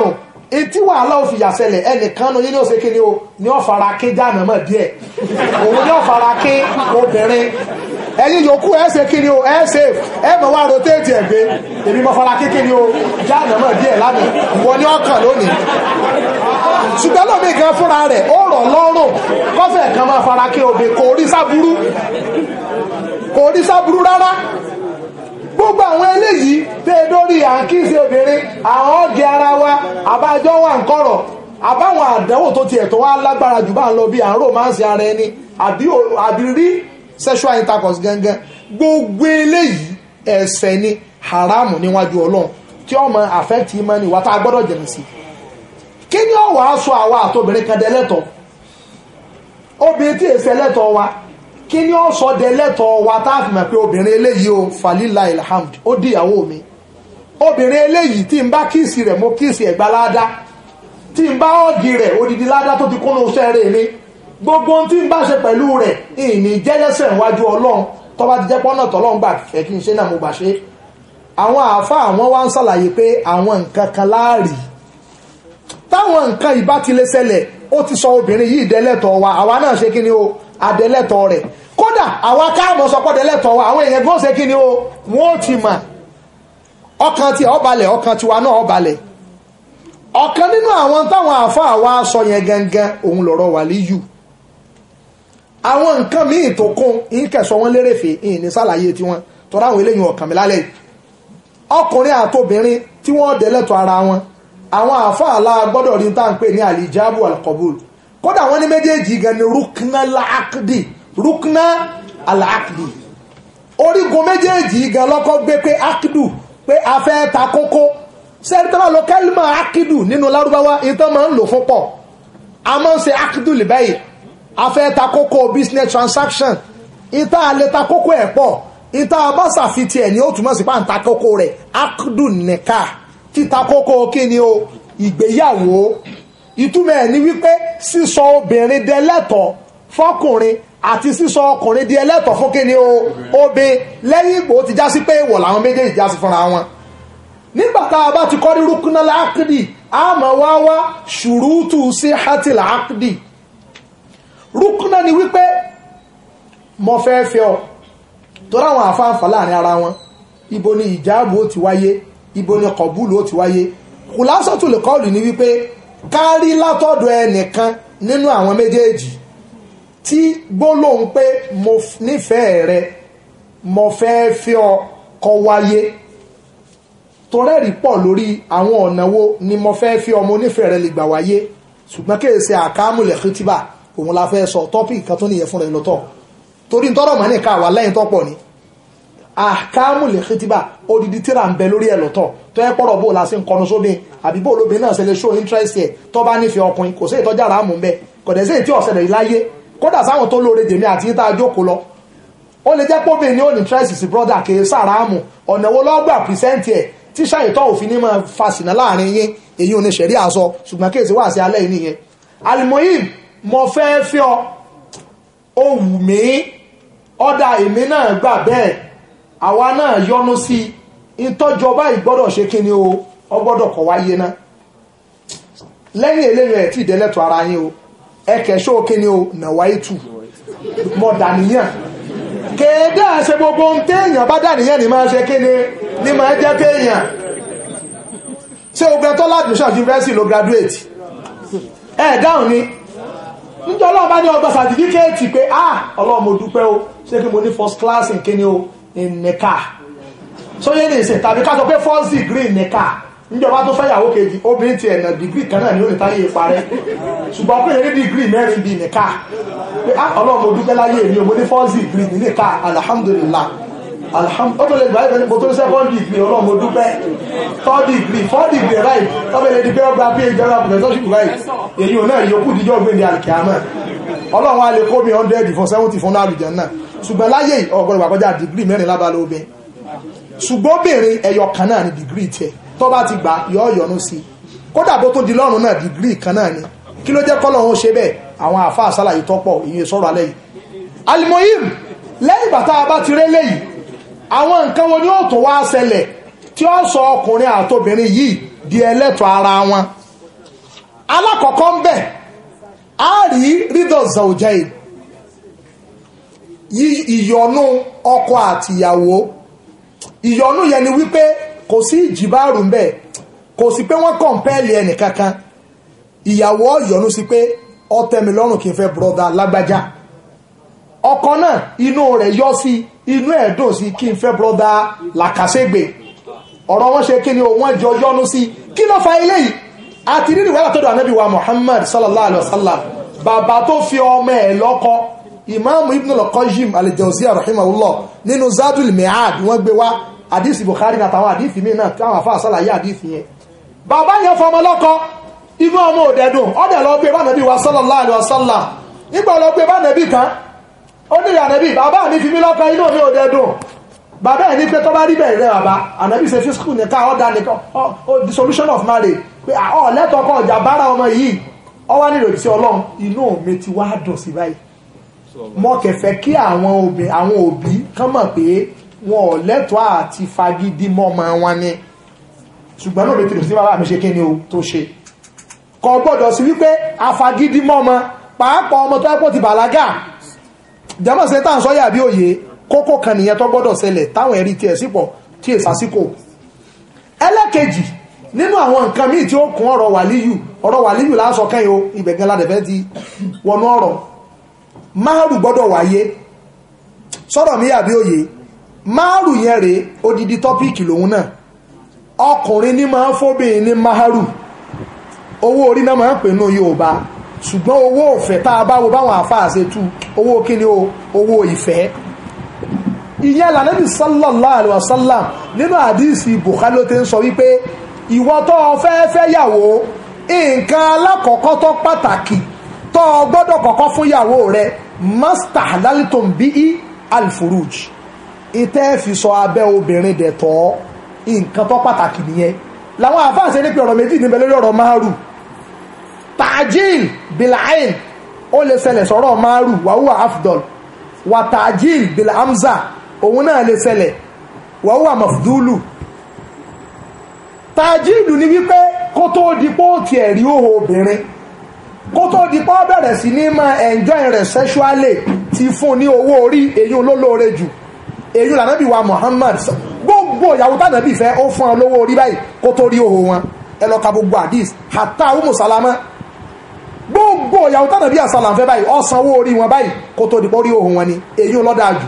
etí wàhálà òfin yàsẹlẹ̀ ẹnìkan ní ní òsèké ni ó ní ọ̀fara ké jáàmù mọ̀ díẹ̀ òun ní ọ̀fara ké obìnrin ẹ̀yin yòókù ẹ̀ ṣe kí ni o ẹ̀ ṣe ẹ̀ mọ̀ wá rotate ẹ̀ gbé èmi mọ̀ fara ké kí ni o jáàmù mọ̀ díẹ̀ lánàá ìwọ ní ọkàn lónìí ṣùgbọ́n lómi kan fúnra rẹ̀ ó rọ̀ lọ́rùn kọ́fẹ̀ kan máa fara ké obì kò rí sábúrú kò rí sábúrú rárá gbogbo àwọn eléyìí tẹ́ ẹ dórí à ń kíìsì obìnrin àwọn ọ̀gẹ̀ ara wa àbájọ wà ń kọ̀rọ̀ àbáwọn àdánwò tó tiẹ̀ tó wá lágbára jù bá ń lọ bí à ń rò ara ẹni àbí sexual intercourse gangan gbogbo eléyìí ẹ̀ṣẹ̀ ni haramu níwájú ọlọrun tí ọmọ affect imani wa tá a gbọ́dọ̀ jẹ̀mí sí kí ni ọ̀wọ́ aṣọ àwa àtobìnrin kan dẹ lẹ́tọ̀ọ́ obìnrin tí èsẹ̀ lẹ́tọ̀ọ́ wa kí ni ó sọ dẹlẹ́tọ̀ wa tá a fi mọ̀ pé obìnrin eléyìí o falila ilhamd ó di ìyàwó mi obìnrin eléyìí tí n bá kíìsì rẹ̀ mo kíìsì ẹ̀gbá ládá tí n bá ọ̀gì rẹ̀ odidi ládá tó ti kúnnú sẹ́rẹ̀ mi gbogbo ohun tí n bá ṣe pẹ̀lú rẹ̀ ìní jẹ́lẹ́sẹ̀ níwájú ọlọ́run tó bá ti jẹ́ pọ́nà tọ́lọ́run gbà fẹ́ kí n ṣe náà mo gbà ṣe àwọn àáfàá àwọn wá ń ṣàlàyé pé àwọn nǹkan kan láàrì táwọn nǹkan ìbá ti lé ṣẹlẹ̀ ó ti sọ obìnrin yìí dẹ́lẹ́tọ̀ wa àwa náà ṣe kí ni o àdẹ́lẹ́tọ̀ rẹ̀ kódà àwa káàmọ̀ sọpọ̀ dẹ́lẹ́tọ̀ wa àwọn èèyàn gbọ́n ṣe kí ni o wọ́n ó ti mà ọkàn tí ó balẹ̀ ọkàn tiwa náà ó balẹ̀ ọ̀kan nínú àwọn táwọn àáfàá wa sọ yẹn gangan òun lọ̀rọ̀ wà líyù àwọn nǹkan míì tó kún ìkẹsọ wọn lérèfé ìyìn ní sàlàyé tiwọn tọ́ra àwọn eléyìí ọ̀kan mi lálẹ́ ọkùnrin àtobìnrin tí wọ́n dẹ́lẹ́tọ̀ ara wọn àwọn àáfàá la gbọ́dọ̀ rí tá à ń pè ní àlìjáàbù alkọ̀bùl kódà wọ́n ní méjèèjì gan ni rúkná làákìdì rukna àlàákìdì orígun méjèèjì gan lọ́kọ́ gbé pé ákìdù pé a fẹ́ ta kókó sẹ́ni tó bá lọ kẹ́límà ákìdù nínú lárúbáwá ìtàn máa ń lò fún pọ̀ a máa ń ṣe ákìdù lìbẹ́yì a fẹ́ ta kókó business transaction ìtàn àlè ta kókó ẹ̀ pọ̀ ìtàn abáṣà fi tiẹ̀ ni ó túmọ̀ sí pàǹtà kókó rẹ̀ ákìdù nìka títa kókó kí ni o ìgbéyàwó ìtumọ̀ ẹ̀ ni wípé sísọ obìnrin di ẹlẹ́tọ̀ọ́ fọkùnrin àti sísọ ọkùnrin di ẹlẹ́tọ̀ọ́ fún kíni o obe lẹ́yìn ìgbò ti já sí pé ìwọ̀ làwọn méjèèjì já sí fúnra wọn nígbà tá a bá ti kọ́ rírú kúnná láàkìdì a máa wá wá ṣùrùtù sí hátì láàkìdì rúkúnná ni wípé mo fẹ́ fẹ́ ọ tó ráwọn àfáàfà láàrin ara wọn ibo ni ìjáàbù ó ti wáyé ibo ni kọ̀búlù ó ti wáyé kùlásọ̀tù lè kọ́ọ̀lù ni wípé kárí látọ̀dọ̀ ẹnìkan nínú àwọn méjèèjì tí gbólóhùn pé mo nífẹ̀ẹ́ rẹ mo fẹ́ fi ọ kọ wáyé torẹ́rì pọ̀ lórí àwọn ọ̀nà wo ni mo fẹ́ fi ọmọ onífẹ̀ẹ́ rẹ lè gbà wáyé ṣùgbọ́n kí èsì àkámùlẹ̀ kìtìbà òun la fẹ́ sọ tọ́pì kan tó nìyẹn fún rẹ lọ́tọ̀ torí tọ́rọ̀ mọ́ nìkan àwa lẹ́yìn tọ́pọ̀ ni àkáàmù lè kìtìbà odidi tíra ń bẹ lórí ẹ̀ tó yẹ pọ̀rọ̀ bó la sí ń kọnu sóbìn àbí bó lóbìn náà ṣe lè show interest ẹ̀ tó bá nífẹ̀ẹ́ ọkùnrin kò sí ìtọ́jà ràmù ń bẹ kò dẹ̀ sí ètí ọ̀sẹ̀lẹ̀ láyé kódà sáwọn tó lóore dèmi àti yíta àjókòó lọ ó lè jẹ́ pọ́bìn ní òní sí brother kì í sàràmù ọ̀nà wo lọ́gbà pìrìsẹ́ǹtì ẹ̀ tí ṣàyẹ̀tọ̀ òfin ní máa fasìnà láàrin yín èyí ò ní ṣẹ̀rí àsọ ṣùgbọ́n kí èsì wà sí alẹ́ yìí àwa náà yọnu sí ìtọ́jọba ìgbọ́dọ̀ ṣe kí ni o ọgbọ́dọ̀ kọ̀ wáyé ná lẹ́yìn eléyìí ẹ̀ tí ìdẹ́lẹ́tọ̀ ara yín o ẹ kẹ̀ṣọ́ kí ni o nàwa ètù mọ̀ dàníyàn kéde àṣẹ gbogbo ń téèyàn bá dàníyàn ni máa ṣe kí ni máa jẹ́ téèyàn ṣé o gbẹ graduate ẹ ni níjọ́ ní ọgbà pé ah o ṣé kí mo first class nkíní o nìka sóyè ní ìsìn tàbí ká sọ pé first degree nìka níjọba tó fẹ́yàwó kejì obìnrin ti ẹ̀nà degree kan náà ni ó lè táyé parẹ́ ṣùgbọ́n pé ní degree mẹ́rin bíi nìka pé ah, ọlọ́run mo dúpẹ́ láyé mi ò mo ní degree alhamdulilayi ọtọ lè gba ẹgbẹ mo tó second degree Ọlọ́run mo dúpẹ́ third degree fourth degree right ọbẹ lè di pé ọgbà phd ọgbà professorship right èyí ò náà yòókù díjọ gbẹndé alikiyama Ọlọ́run a lè kó mi hundred for seventy for náà àlùjẹ náà ṣùgbọ́n láyé ọgbọdọ wà kọjá degree mẹ́rin lábala obìn ṣùgbọ́n obìnrin ẹyọ kan náà ni degree tẹ tó bá ti gbà lẹ́yìn bàtà bá ti rélé yìí àwọn nǹkan wọn ni ó tó wá ṣẹlẹ̀ tí ó sọ ọkùnrin àtobìnrin yìí di ẹlẹ́tọ̀ ara wọn alákọ̀ọ́kọ́ ń bẹ̀ á rí rídọ̀ zàwùjẹ́ ìyọnú ọkọ àtìyàwó ìyọnú yẹn ni wípé kò sí ìjìbáàrù ń bẹ̀ kò sí pé wọ́n kọ̀ǹpẹ́ẹ̀lì ẹnì kankan ìyàwó ìyọnú sí pé ó tẹ́ fẹ́ brọ́dà lágbájá ọkọ náà inú rẹ̀ yọ sí inú ẹ̀ dùn sí kí n fẹ́ brọ́dà làkàṣègbè ọ̀rọ̀ wọn ṣe kí ni wọ́n jọ yọnu sí kí ló fa eléyìí àti rírì wàhálà tó dùn wa Muhammad sallallahu alaihi wa sallam bàbá tó fi ọmọ ẹ̀ lọ́kọ ìmáàmù ibn al-Qayyim al-Jawziyya rahimahullah nínú zadul mi'ad wọ́n gbé wá àdìsí Bukhari àtàwọn àdìsí míì náà táwọn afá àsàlàyé àdìsí yẹn bàbá yẹn fọmọ lọ́kọ inú ọmọ òdẹ̀dùn ọdẹ lọ gbé bá nàbí wa sallallahu alaihi wasallam sallam nígbà lọ gbé bá nàbí kan ó ní ànẹ́bí bàbá mi fi mí lọ́kọ inú mi ò dẹ́dùn bàbá ẹ̀ ní pé tó bá rí bẹ̀rẹ̀ rẹ bàbá ànẹ́bí ṣe fíṣkù nìkan ọ̀dà The dissolution of marriage pé ọ̀ lẹ́tọ̀ọ́kọ̀ ọjà bára ọmọ yìí ọwá nílò tí ọlọ́run inú mi ti wá dùn sí báyìí mo kẹfẹ́ kí àwọn òbí àwọn òbí kán mọ̀ pé wọn ò lẹ́tọ̀ọ́ àti fagídí mọ́mọ wọn ni ṣùgbọ́n náà mi ti lè fi sí bàbá mi ṣe kí ni o tó ṣe kò gbọ́dọ̀ sí wípé afagídí mọ́mọ pàápàá ọmọ tó yẹ ti bàlágà jama tá à ń sọ yàbí òye kókó kan nìyẹn tó si ṣẹlẹ̀ táwọn ẹ̀rí tiẹ̀ sípò tí èsà síkò ẹlẹ́kejì nínú àwọn nǹkan míì tí ó kún ọ̀rọ̀ wàlíyù wàlíyù láàṣọ o ìbẹ̀gàn ládẹ̀fẹ́ ti wọnú ọrọ márùn gbọdọ wáyé mi yàbí òye márùn yẹn rèé odidi tọ́píìkì lòun náà ọkùnrin ní máa ń fóbìnrin ní márùn owó orí náà máa ṣùgbọ́n owó ọ̀fẹ́ tá a bá wo báwọn àfáà ṣe tú owó kíni o owó ìfẹ́ ìyẹn lànàbì sallallahu alaihi wasallam nínú àdíìsì Bukhari ló ti ń sọ wípé ìwọ tó o fẹ́ fẹ́ yàwó nǹkan alákọ̀ọ́kọ́ tó pàtàkì tó o gbọ́dọ̀ kọ́kọ́ fún yàwó rẹ master halalitom bíi alfuruj ìtẹ́ fi sọ abẹ́ obìnrin dẹ̀tọ́ nǹkan tó pàtàkì nìyẹn làwọn àfáà ṣe ní pé ọ̀rọ̀ méjì níbẹ̀ lórí ọ̀rọ̀ márùn-ún tajil bilain ó lè ṣẹlẹ̀ sọ̀rọ̀ maru wàhùwà afdol wà tajil bilhamza òun náà lè ṣẹlẹ̀ wàhùwà mafdulu tajil ni wípé kó tó di póòtì ẹ̀rí òhò obìnrin kó tó di pọ́ bẹ̀rẹ̀ sí ní máa enjoy rẹ̀ sexually ti fún ní owó orí èyí ló lóore jù èyí lànàbí wa Muhammad gbogbo ìyàwó tànàbí fẹ́ ó fún ọ lówó orí báyìí kó tó rí òhò wọn ẹ lọ ka gbogbo hadith hatta umu salama gbogbo ìyàwó tánà bí àsàlà ń fẹ́ báyìí ọ̀sánwó orí wọn báyìí kó tó dìpọ̀ orí ohun wọn ni èyí lọ́dà jù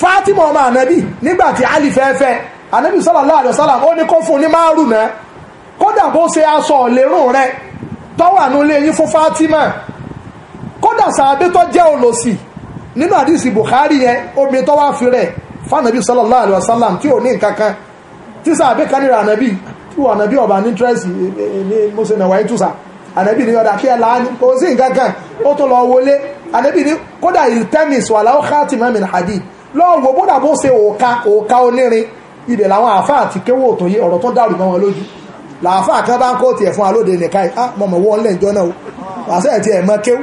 Fatima ọmọ ànábì nígbà tí Ali fẹ́ fẹ́ ànábì sallallahu alaihi wasallam ó ní kó fún ní márùn náà kódà bó ṣe aṣọ ọ̀lẹ́rùn rẹ tọ́wà nú ilé yín fún Fatima kódà sàbẹ́ tó jẹ́ olòṣì nínú àdìsí Bukhari yẹn omi tọ́wà fi rẹ̀ fànàbí sallallahu alaihi wasallam tí ò ní nǹkan kan tí sàbẹ́ kan níra ànábì tí wà ànábì ọ̀bà ní tírẹ́sì ní mọ́sẹ̀ náà wáyé túsà ànábì ní ọ̀dà kí ẹ láàánú kò sí nǹkan kan ó tún lọ wọlé ànábì ní kódà ìtẹ́mìs wà láwọn káàtì mẹ́mìn àdì lọ́wọ́ bódà bó ṣe òka òka onírin ibẹ̀ làwọn àáfà àti kéwò tó yé ọ̀rọ̀ tó dàrú mọ́ wọn lójú làáfà kan bá ń kó tiẹ̀ fún alóde nìkan yìí ah mọ̀mọ̀ wọ́n lẹ̀ ń jọ o wàṣẹ ẹ̀ tiẹ̀ mọ́ kéwù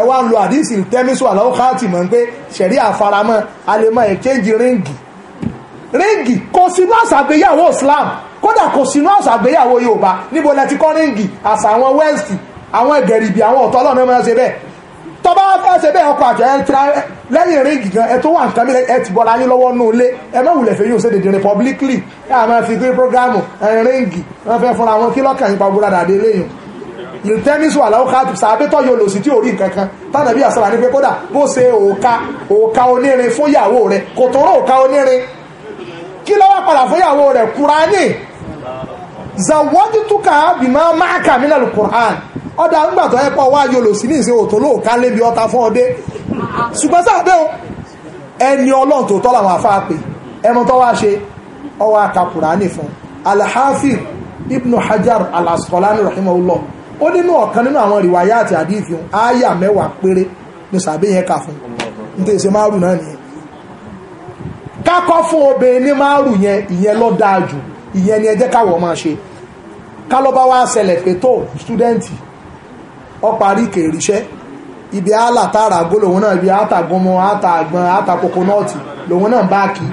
ẹ wá ń lo àdísì tẹ́mísù àlọ́kàtì mọ̀ pé ṣẹ̀rí àfaramọ́ a lè mọ ẹ̀kẹ́jì ríǹgì ríǹgì kò sí láṣàgbéyàwó Islam kódà kò sínú àṣà àgbéyàwó Yorùbá níbo lẹ ti kọ́ríǹgì àṣà àwọn west àwọn ẹ̀gẹ̀rìbì àwọn ọ̀tọ́ ọlọ́run máa ń ṣe bẹ́ẹ̀ tọ́ba fẹ́ ṣe bẹ́ẹ̀ ọkọ̀ àjọ ẹ̀ lẹ́yìn ríǹgì gan ẹ tó wà nǹkan mi ẹ ti bọ́ra yín lọ́wọ́ nù lé ẹ mẹ́wùlẹ̀ fẹ́ yóò ṣe dèdè republicly ẹ àmọ́ fi gbé programu ríǹgì wọ́n fẹ́ fúnra wọn kí lọ́kàn yín pàbúrà dàdé léyìn ìtẹ́nísù àlàókà sàbẹ́tọ̀ yóò lò sí tí orí nǹkan kan tánàbí àsàlà ní pé kódà bó ṣe òòka òòka onírin fún ìyàwó rẹ̀ kò tó rò òòka onírin kí ló wá padà fún ìyàwó rẹ̀ Kùránì zawajituka bima ma'aka minal Qur'an ọ̀dà ńgbà tó yẹ pọ̀ wá yóò lò sí ní ìsìn òtò lóòká lébi ọta fún ọdẹ ṣùgbọ́n sáàbẹ̀ o ẹni ọlọ́run tó tọ́ làwọn afá pé ẹnu tó wá ṣe ọwọ́ aka Qur'ani fún alhafiz ibn hajar al-Asqalani rahimahullah ó nínú ọ̀kan nínú àwọn ìwàyà àti ìyẹn ni ẹ jẹ́ káwọ̀ máa ṣe kálọ́bá wá ṣẹlẹ̀ pé tó ọ parí kèrìṣẹ́ ibi àlà tààrà náà ibi àtàgbọmọ àtàgbọn àtàkókò nọ́ọ̀tì lòun náà bá kí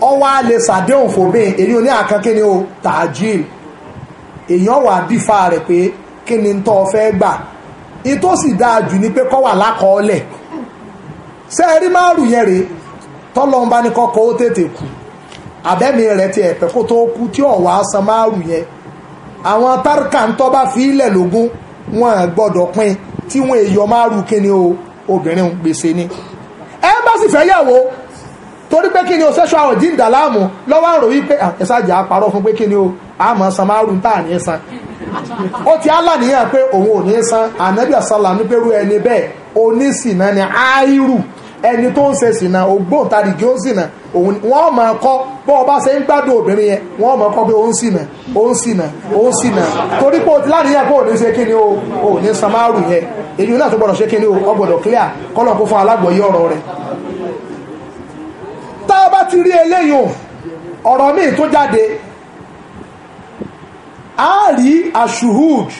ọ wá lè ṣàdéhùn fòbin èyí oní o tajil èèyàn wà dífà rẹ pé kí ni ọ fẹ́ gbà ìtò si dáa jù ni pé kọ́ wà lákọọ́lẹ̀ ṣé ẹ rí yẹn bá tètè kù ti ẹ̀pẹ́ kó tó kú tí àwọn tárkà ń tọ́ bá fi ilẹ̀ lógún wọn gbọ́dọ̀ pín tí wọn èèyàn máa rú kíni o obìnrin gbèsè ni ẹ bá sì fẹ́ yàwó torí pé kíni o sẹ́ṣọ́ àwọn ìdí ìdàláàmù lọ́wọ́ àrò wípé ah, ẹ̀sàjà àparọ́ fún pé kíni o àmọ́ san máa rú táà ní san ó ti aláníyàn pé òun ò ní san ànábì àsálà ní pẹ̀rú ẹni bẹ́ẹ̀ onísìnà ni áírù ẹni tó ń ṣe sìnà ògbóǹtarìgì ó ń sìnà òun wọ́n máa kọ́ bọ́ ọba ṣe ń gbádùn obìnrin yẹn wọ́n máa kọ́ pé ó ń sìnà ó ń sìnà ó ń sìnà torí pé o ti láníyàn pé ò ní ṣe kí ni o ò ní san márù yẹn èyí náà tó gbọ́dọ̀ ṣe kí ni o ó gbọ́dọ̀ clear kọ́lọ̀ kó fún alágbọ̀yé ọ̀rọ̀ rẹ̀ tá a bá ti rí eléyìí ọ̀rọ̀ míì tó jáde a rí ashuhud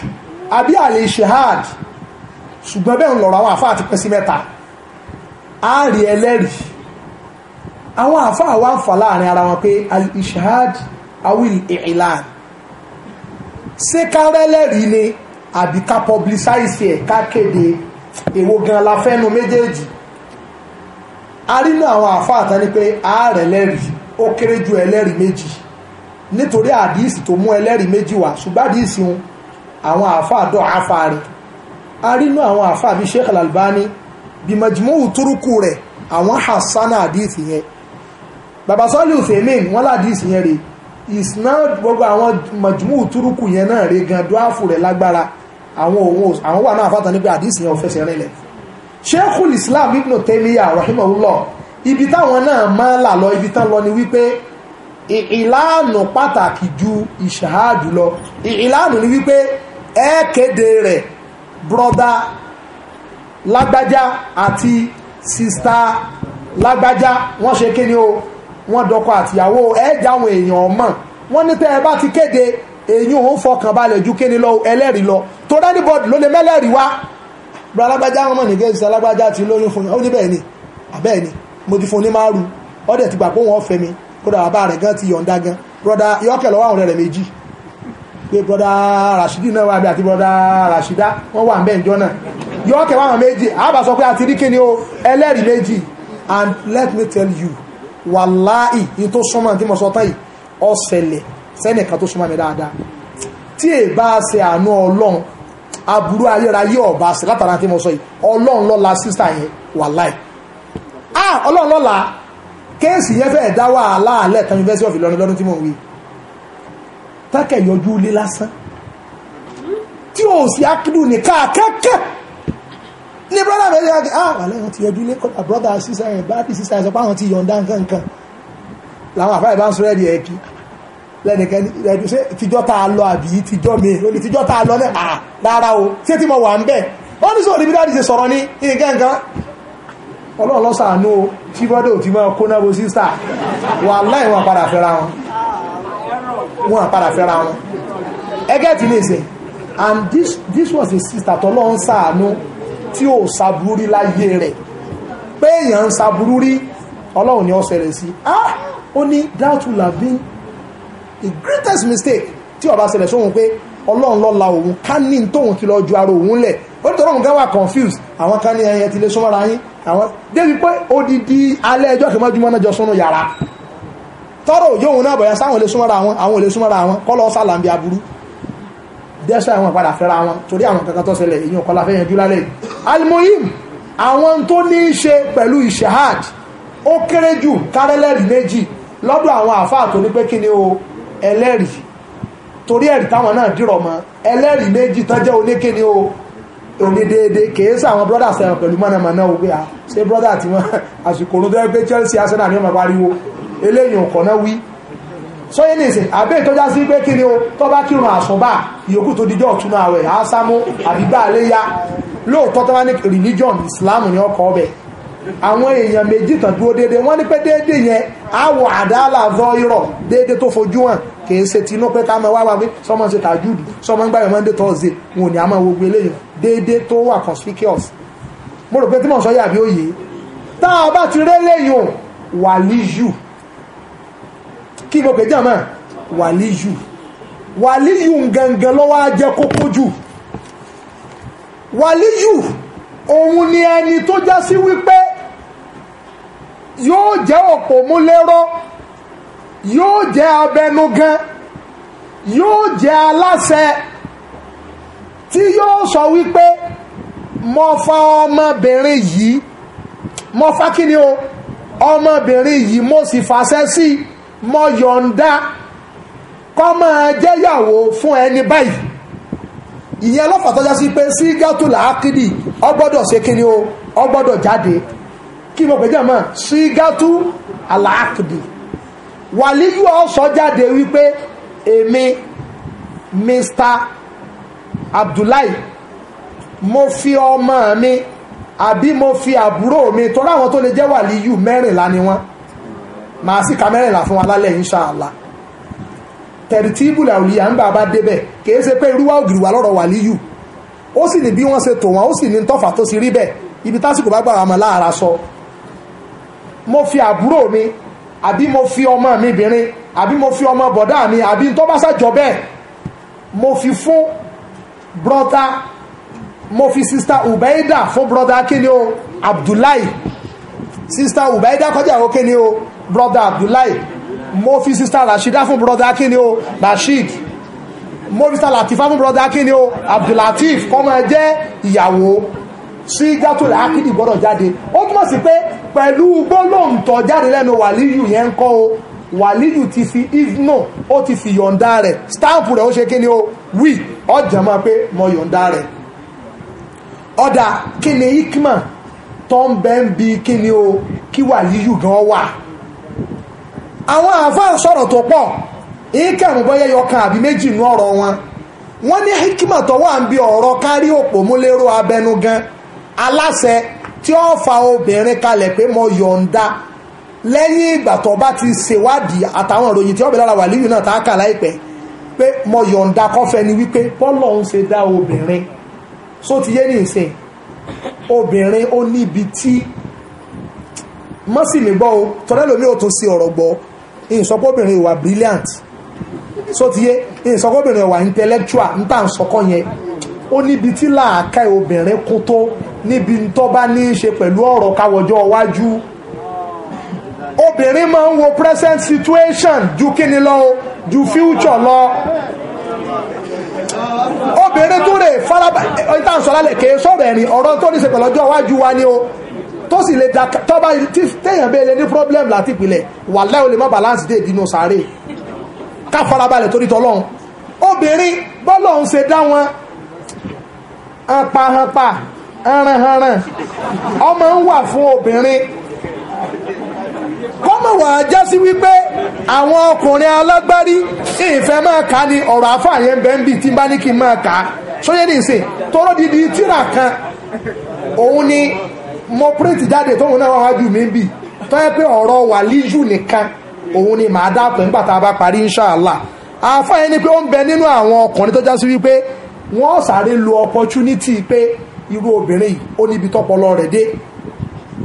àbí àlè shahad ṣùgbọ́n bẹ́ẹ̀ ń lọ̀rọ̀ àwọn àfáà ti pẹ́ sí mẹ́ta á rí ẹlẹ́rìí àwọn àfáà wá fà láàrin ara wọn pé al-ishahad awil ilan ṣé ká rẹ́lẹ́rìí ni àbí ká publicize ẹ̀ ká kéde èwo gan la fẹ́nu méjèèjì a rí nínú àwọn àfáà tán ni pé ààrẹ lẹ́rìí ó kéré ju ẹlẹ́rìí méjì nítorí àdíìsì tó mú ẹlẹ́rìí méjì wá ṣùgbọ́n àdíìsì wọn àwọn àfáà dọ̀ afáà rẹ̀ a rí nínú àwọn àfáà bíi Sheikh al bí majmuu túrúkù rẹ̀ àwọn hasana hadith yẹn bàbá sọ́lì òfèmín wọ́n ládìsí yẹn rè isnad gbogbo àwọn majmuu túrúkù yẹn náà rè gan dúáfù rẹ̀ lágbára àwọn òun àwọn wà náà fàtà níbi hadith yẹn ò fẹsẹ̀ rinlẹ̀ sheikhul islam ibn taymiyyah rahimahullah ibi táwọn náà máa là lọ ibi tán lọ ni wípé ìlànà pàtàkì ju ìṣáájú lọ ìlànà ni wípé ẹ kéde rẹ̀ brother lágbájá àti sista lágbájá wọ́n ṣe kí ni o wọ́n dọkọ àtìyàwó ẹ̀ẹ́dì àwọn èèyàn ọmọ wọ́n ní tẹ́ ẹ bá ti kéde èyí òun fọkàn balẹ̀ ju kí ni lọ ẹlẹ́rìí lọ tó anybody ló lè mẹ́lẹ́rìí wá bra lágbájá ọmọ nìgẹ́ sista lágbájá ti lóyún fún yàn ó ní bẹ́ẹ̀ ni àbẹ́ẹ̀ ni mo ti fún ní márùn ọdẹ ti gbà pé wọ́n fẹ́ mi kódà bàbá rẹ̀ gan ti yọ̀ǹda gan brother yọkẹ̀ lọ́wọ́ àwọn rẹ̀ méjì pé bọ́dá Rashidi náà wà bí àti bọ́dá Rashida wọ́n wà ńbẹ̀ ǹjọ́ náà yọ́ kẹwàá àwọn méjì àbá sọ pé àti rí kíni o ẹlẹ́rìí méjì and let me tell you wàláì in tó súnmọ́ tí mo sọ tán yìí ọ̀sẹ̀lẹ̀ sẹ́nìkan tó súnmọ́ mi dáadáa tí è bá ṣe àánú ọlọ́run aburú ayérayé ọ̀bá sí látara tí mo sọ yìí ọlọ́run lọ́la sísà yẹn wàláì ah ọlọ́run lọ́la kéèsì yẹn fẹ́ẹ̀ dá wàhálà alẹ́ tán University of Ìlọrin lọ́dún tí mo wí tákẹ̀ yọjú lé lásán tí ò sí akídù ní káàkẹ́kẹ́ ní brọ́dà bẹ́ẹ̀ yọ ah wàlẹ́ wọn ti yọjú lé kọ́dà brọ́dà sísá ẹ̀ bá ti sísá ẹ̀ sọ pé àwọn ti yọ̀ǹda nǹkan làwọn àfáà ìbá ń sọ ẹ̀dì ẹ̀kí lẹ́nìkan ẹ̀dù ṣé tijọ́ tá a lọ àbí tijọ́ mi ó ní tijọ́ tá a lọ náà ah, rárá o ṣé tí mo wà ń bẹ̀ wọ́n ní sọ̀rọ̀ ibi dáàdì ṣe sọ̀rọ̀ ní nǹkan nǹkan ọlọ́run lọ́sàánú o tí brọ́dà ò ti máa kó náà bo sísá wà láì wọn padà fẹ́ra wọn wọn àpàdà fẹ́ra wọn ẹgẹ́ tí ní ìsìn and this this was a sister tọ́lọ́ ń sàánú tí ò sàbúrú rí láyé rẹ̀ pé èèyàn ń sàbúrú rí ọlọ́run ni ó ṣẹlẹ̀ sí ah ó ní that will have been the greatest mistake tí ó bá ṣẹlẹ̀ sóhun pé ọlọ́run lọ́la òun ká ní tóun kí lọ ju ara òun lẹ̀ ó tọrọ nǹkan wà confused àwọn kan ní ẹyẹ ti lè súnmọ́ra yín àwọn débi pé odidi alẹ́ ẹjọ́ kìí náà jọ súnú yàrá tọ́rọ yóò náà bọ̀yá sáwọn olè súnmọ́ra wọn àwọn olè súnmọ́ra wọn kọ́lọ́ sàlàmbí aburú dẹ́sẹ̀ àwọn ìpadà fẹ́ra wọn torí àwọn kankan tó ṣẹlẹ̀ èyàn kọ́lá fẹ́ yanjú lálẹ́ almohim àwọn tó ní í ṣe pẹ̀lú ìṣehad ó kéré jù kárẹ́lẹ́rì méjì lọ́dọ̀ àwọn àfáà tó ní pé kí ni o ẹlẹ́rì torí ẹ̀rì táwọn náà dìrọ̀ mọ́ ẹlẹ́rì méjì tán jẹ́ oníkí ni o òní déédéé kìí sí àwọn brọ́dà sẹ́wọ̀n pẹ̀lú mọ́nàmọ́ná o pé à ṣé brọ́dà tí wọ́n àsìkò orun tó yẹ Chelsea Arsenal ni wọ́n pariwo eléyìí nǹkan náà wí sọyìn nìsín àbẹ́ ìtọ́já sí pé kí ni o tó bá kírun àsùnbà ìyókù tó dijọ́ ọ̀tún àwẹ̀ àásámú àbígbà léyà lóòótọ́ tó religion Islam ní ọkọ̀ ọbẹ̀ àwọn èèyàn méjì tàn dúró déédé wọ́n ní pé déédé yẹn àwọ̀ àdáàlà zọ irọ̀ déédé tó fojú hàn kìí ṣe tinú pé ká máa wá wá pé sọmọ ṣe tàjúdù sọmọ ń gbàgbé Monday Thursday wọn ò ní a máa wo gbé léyìn déédé tó wà conspicuous mo rò pé tí mò ń sọ yàbí òye tá a bá ti rélé yòó wà líyù kí ló pè jàmá wàlíyù wàlíyù gangan lọ́wọ́ á jẹ́ kókó jù wàlíyù òun ni ẹni tó já sí wípé yóò jẹ́ òpòmúlérọ́ yóò jẹ́ abẹnugan yóò jẹ́ aláṣẹ tí yóò sọ wípé mo ọmọbìnrin yìí mo kí ni o ọmọbìnrin yìí mo sì fàṣẹ sí i mo yọ̀ǹda kọ́ máa jẹ́yàwó fún ẹni báyìí ìyẹn lọ́fàá tọ́já sí pé sí gátùlà ákìdì ọgbọ́dọ̀ ṣe kíni o ọgbọ́dọ̀ jáde kí mo pèjá mọ́ sí gátù àlàákìdì wàlíyù ọ̀sọ́ jáde wípé èmi Mr Abdullahi mo fi ọmọ mi àbí mo fi àbúrò mi torí àwọn tó lè jẹ́ wàlíyù mẹ́rìnlá ni wọ́n màá sì kamẹ́rẹ́là fún wa lálẹ́ inṣàlá tẹ̀rìtìbù làwùlíyà ń bàbá débẹ̀ kìí ṣe pé irúwà ògìrì wà lọ́rọ̀ wà líyù ó sì ní bí wọ́n ṣe tò wọ́n ó sì ní tọ́fà tó sì rí bẹ́ẹ̀ ibi tásìkò bá gbà wà mọ́ láàárá sọ mo fi àbúrò mi àbí mo fi ọmọ mi bìnrin àbí mo fi ọmọ bọ̀dá mi àbí tó bá ṣàjọ bẹ́ẹ̀ mo fi fún brọ́tà mo fi sista Ubaida fún brọ́tà kíni o Abdullahi sista Ubaida kọjá àwọn kíni o brother Abdullahi mo fi sister Rashida fún brother akíní o Rashid mo fi sister Latifa fún brother akíní o Abdulatif kọ́ máa jẹ́ ìyàwó sí gátòlá akíní gbọ́dọ̀ jáde ó túmọ̀ sí pé pẹ̀lú gbólóǹtọ̀ jáde lẹ́nu wàlíyù yẹn ń kọ́ o wàlíyù ti fi ifno ó ti fi yọ̀ǹda rẹ̀ stampu rẹ̀ ó ṣe kíni o wí ọjà máa pé mo yọ̀ǹda rẹ̀ ọ̀dà kíni ikman tó ń bẹ́ ń bi kíni o kí wàlíyù gan wà. àwọn àfáà sọ̀rọ̀ tó pọ̀ ìkà àmúbọ́yẹ yọkan àbí méjì nú ọ̀rọ̀ wọn wọ́n ní hikima tó wà ń bi ọ̀rọ̀ kárí òpó múlérò abẹnú gan aláṣẹ tí ó fa obìnrin kalẹ̀ pé mo yọ̀ǹda lẹ́yìn ìgbà tó bá ti ṣèwádìí àtàwọn ìròyìn tí náà tá a kà láìpẹ́ pé mo yọ̀ǹda kọ́fẹ́ ni wípé bọ́lọ̀ ń ṣe dá obìnrin só ti yé o ò tún ọ̀rọ̀ gbọ́ ìsọpọ̀bìnrin ìwà brilliant sótìyé ìsọpọ̀bìnrin ìwà intellectual ń tà ń sọkọ yẹn ó níbi tí làákà obìnrin kún tó níbi tó bá ní í ṣe pẹ̀lú ọ̀rọ̀ káwọjọ́ iwájú obìnrin máa ń wo present situation ju kíni lọ ju future lọ obìnrin tó rè faraba ìtàn sọ̀rọ̀ alẹ̀ kèé sọ̀rọ̀ ẹ̀rìn ọ̀rọ̀ tó ní í ṣe pẹ̀lú ọjọ́ iwájú wa ni o tó sì lè da tọ́ba téèyàn bẹ́ẹ̀ lè ní problem láti ìpìlẹ̀ wàláhì o lè má balance dé ìdínú sáré ká farabalẹ̀ torí tọ́lọ́run obìnrin bọ́lọ́run ṣe dá wọn hanpahanpa hanranhanran ọmọ ń wà fún obìnrin kọ́mọ̀ wà á já sí wípé àwọn ọkùnrin alágbárí ìfẹ́ máa kà ní ọ̀rọ̀ àfààyè bẹ́ńbì tí bá ní kí n máa kà á sóyè nìsín tọrọ dídí tíra kan òun ni mo print jáde tóun náà wá jù mí bì tó yẹ pé ọ̀rọ̀ wà líjù nìkan òun ni màá dáàpọ̀ nígbà tá a bá parí inshàlá àáfà yẹn ni pé ó ń bẹ nínú àwọn ọkùnrin tó já sí wípé wọ́n sáré lo opportunity pé irú obìnrin yìí ó níbi tọ́pọlọ rẹ̀ dé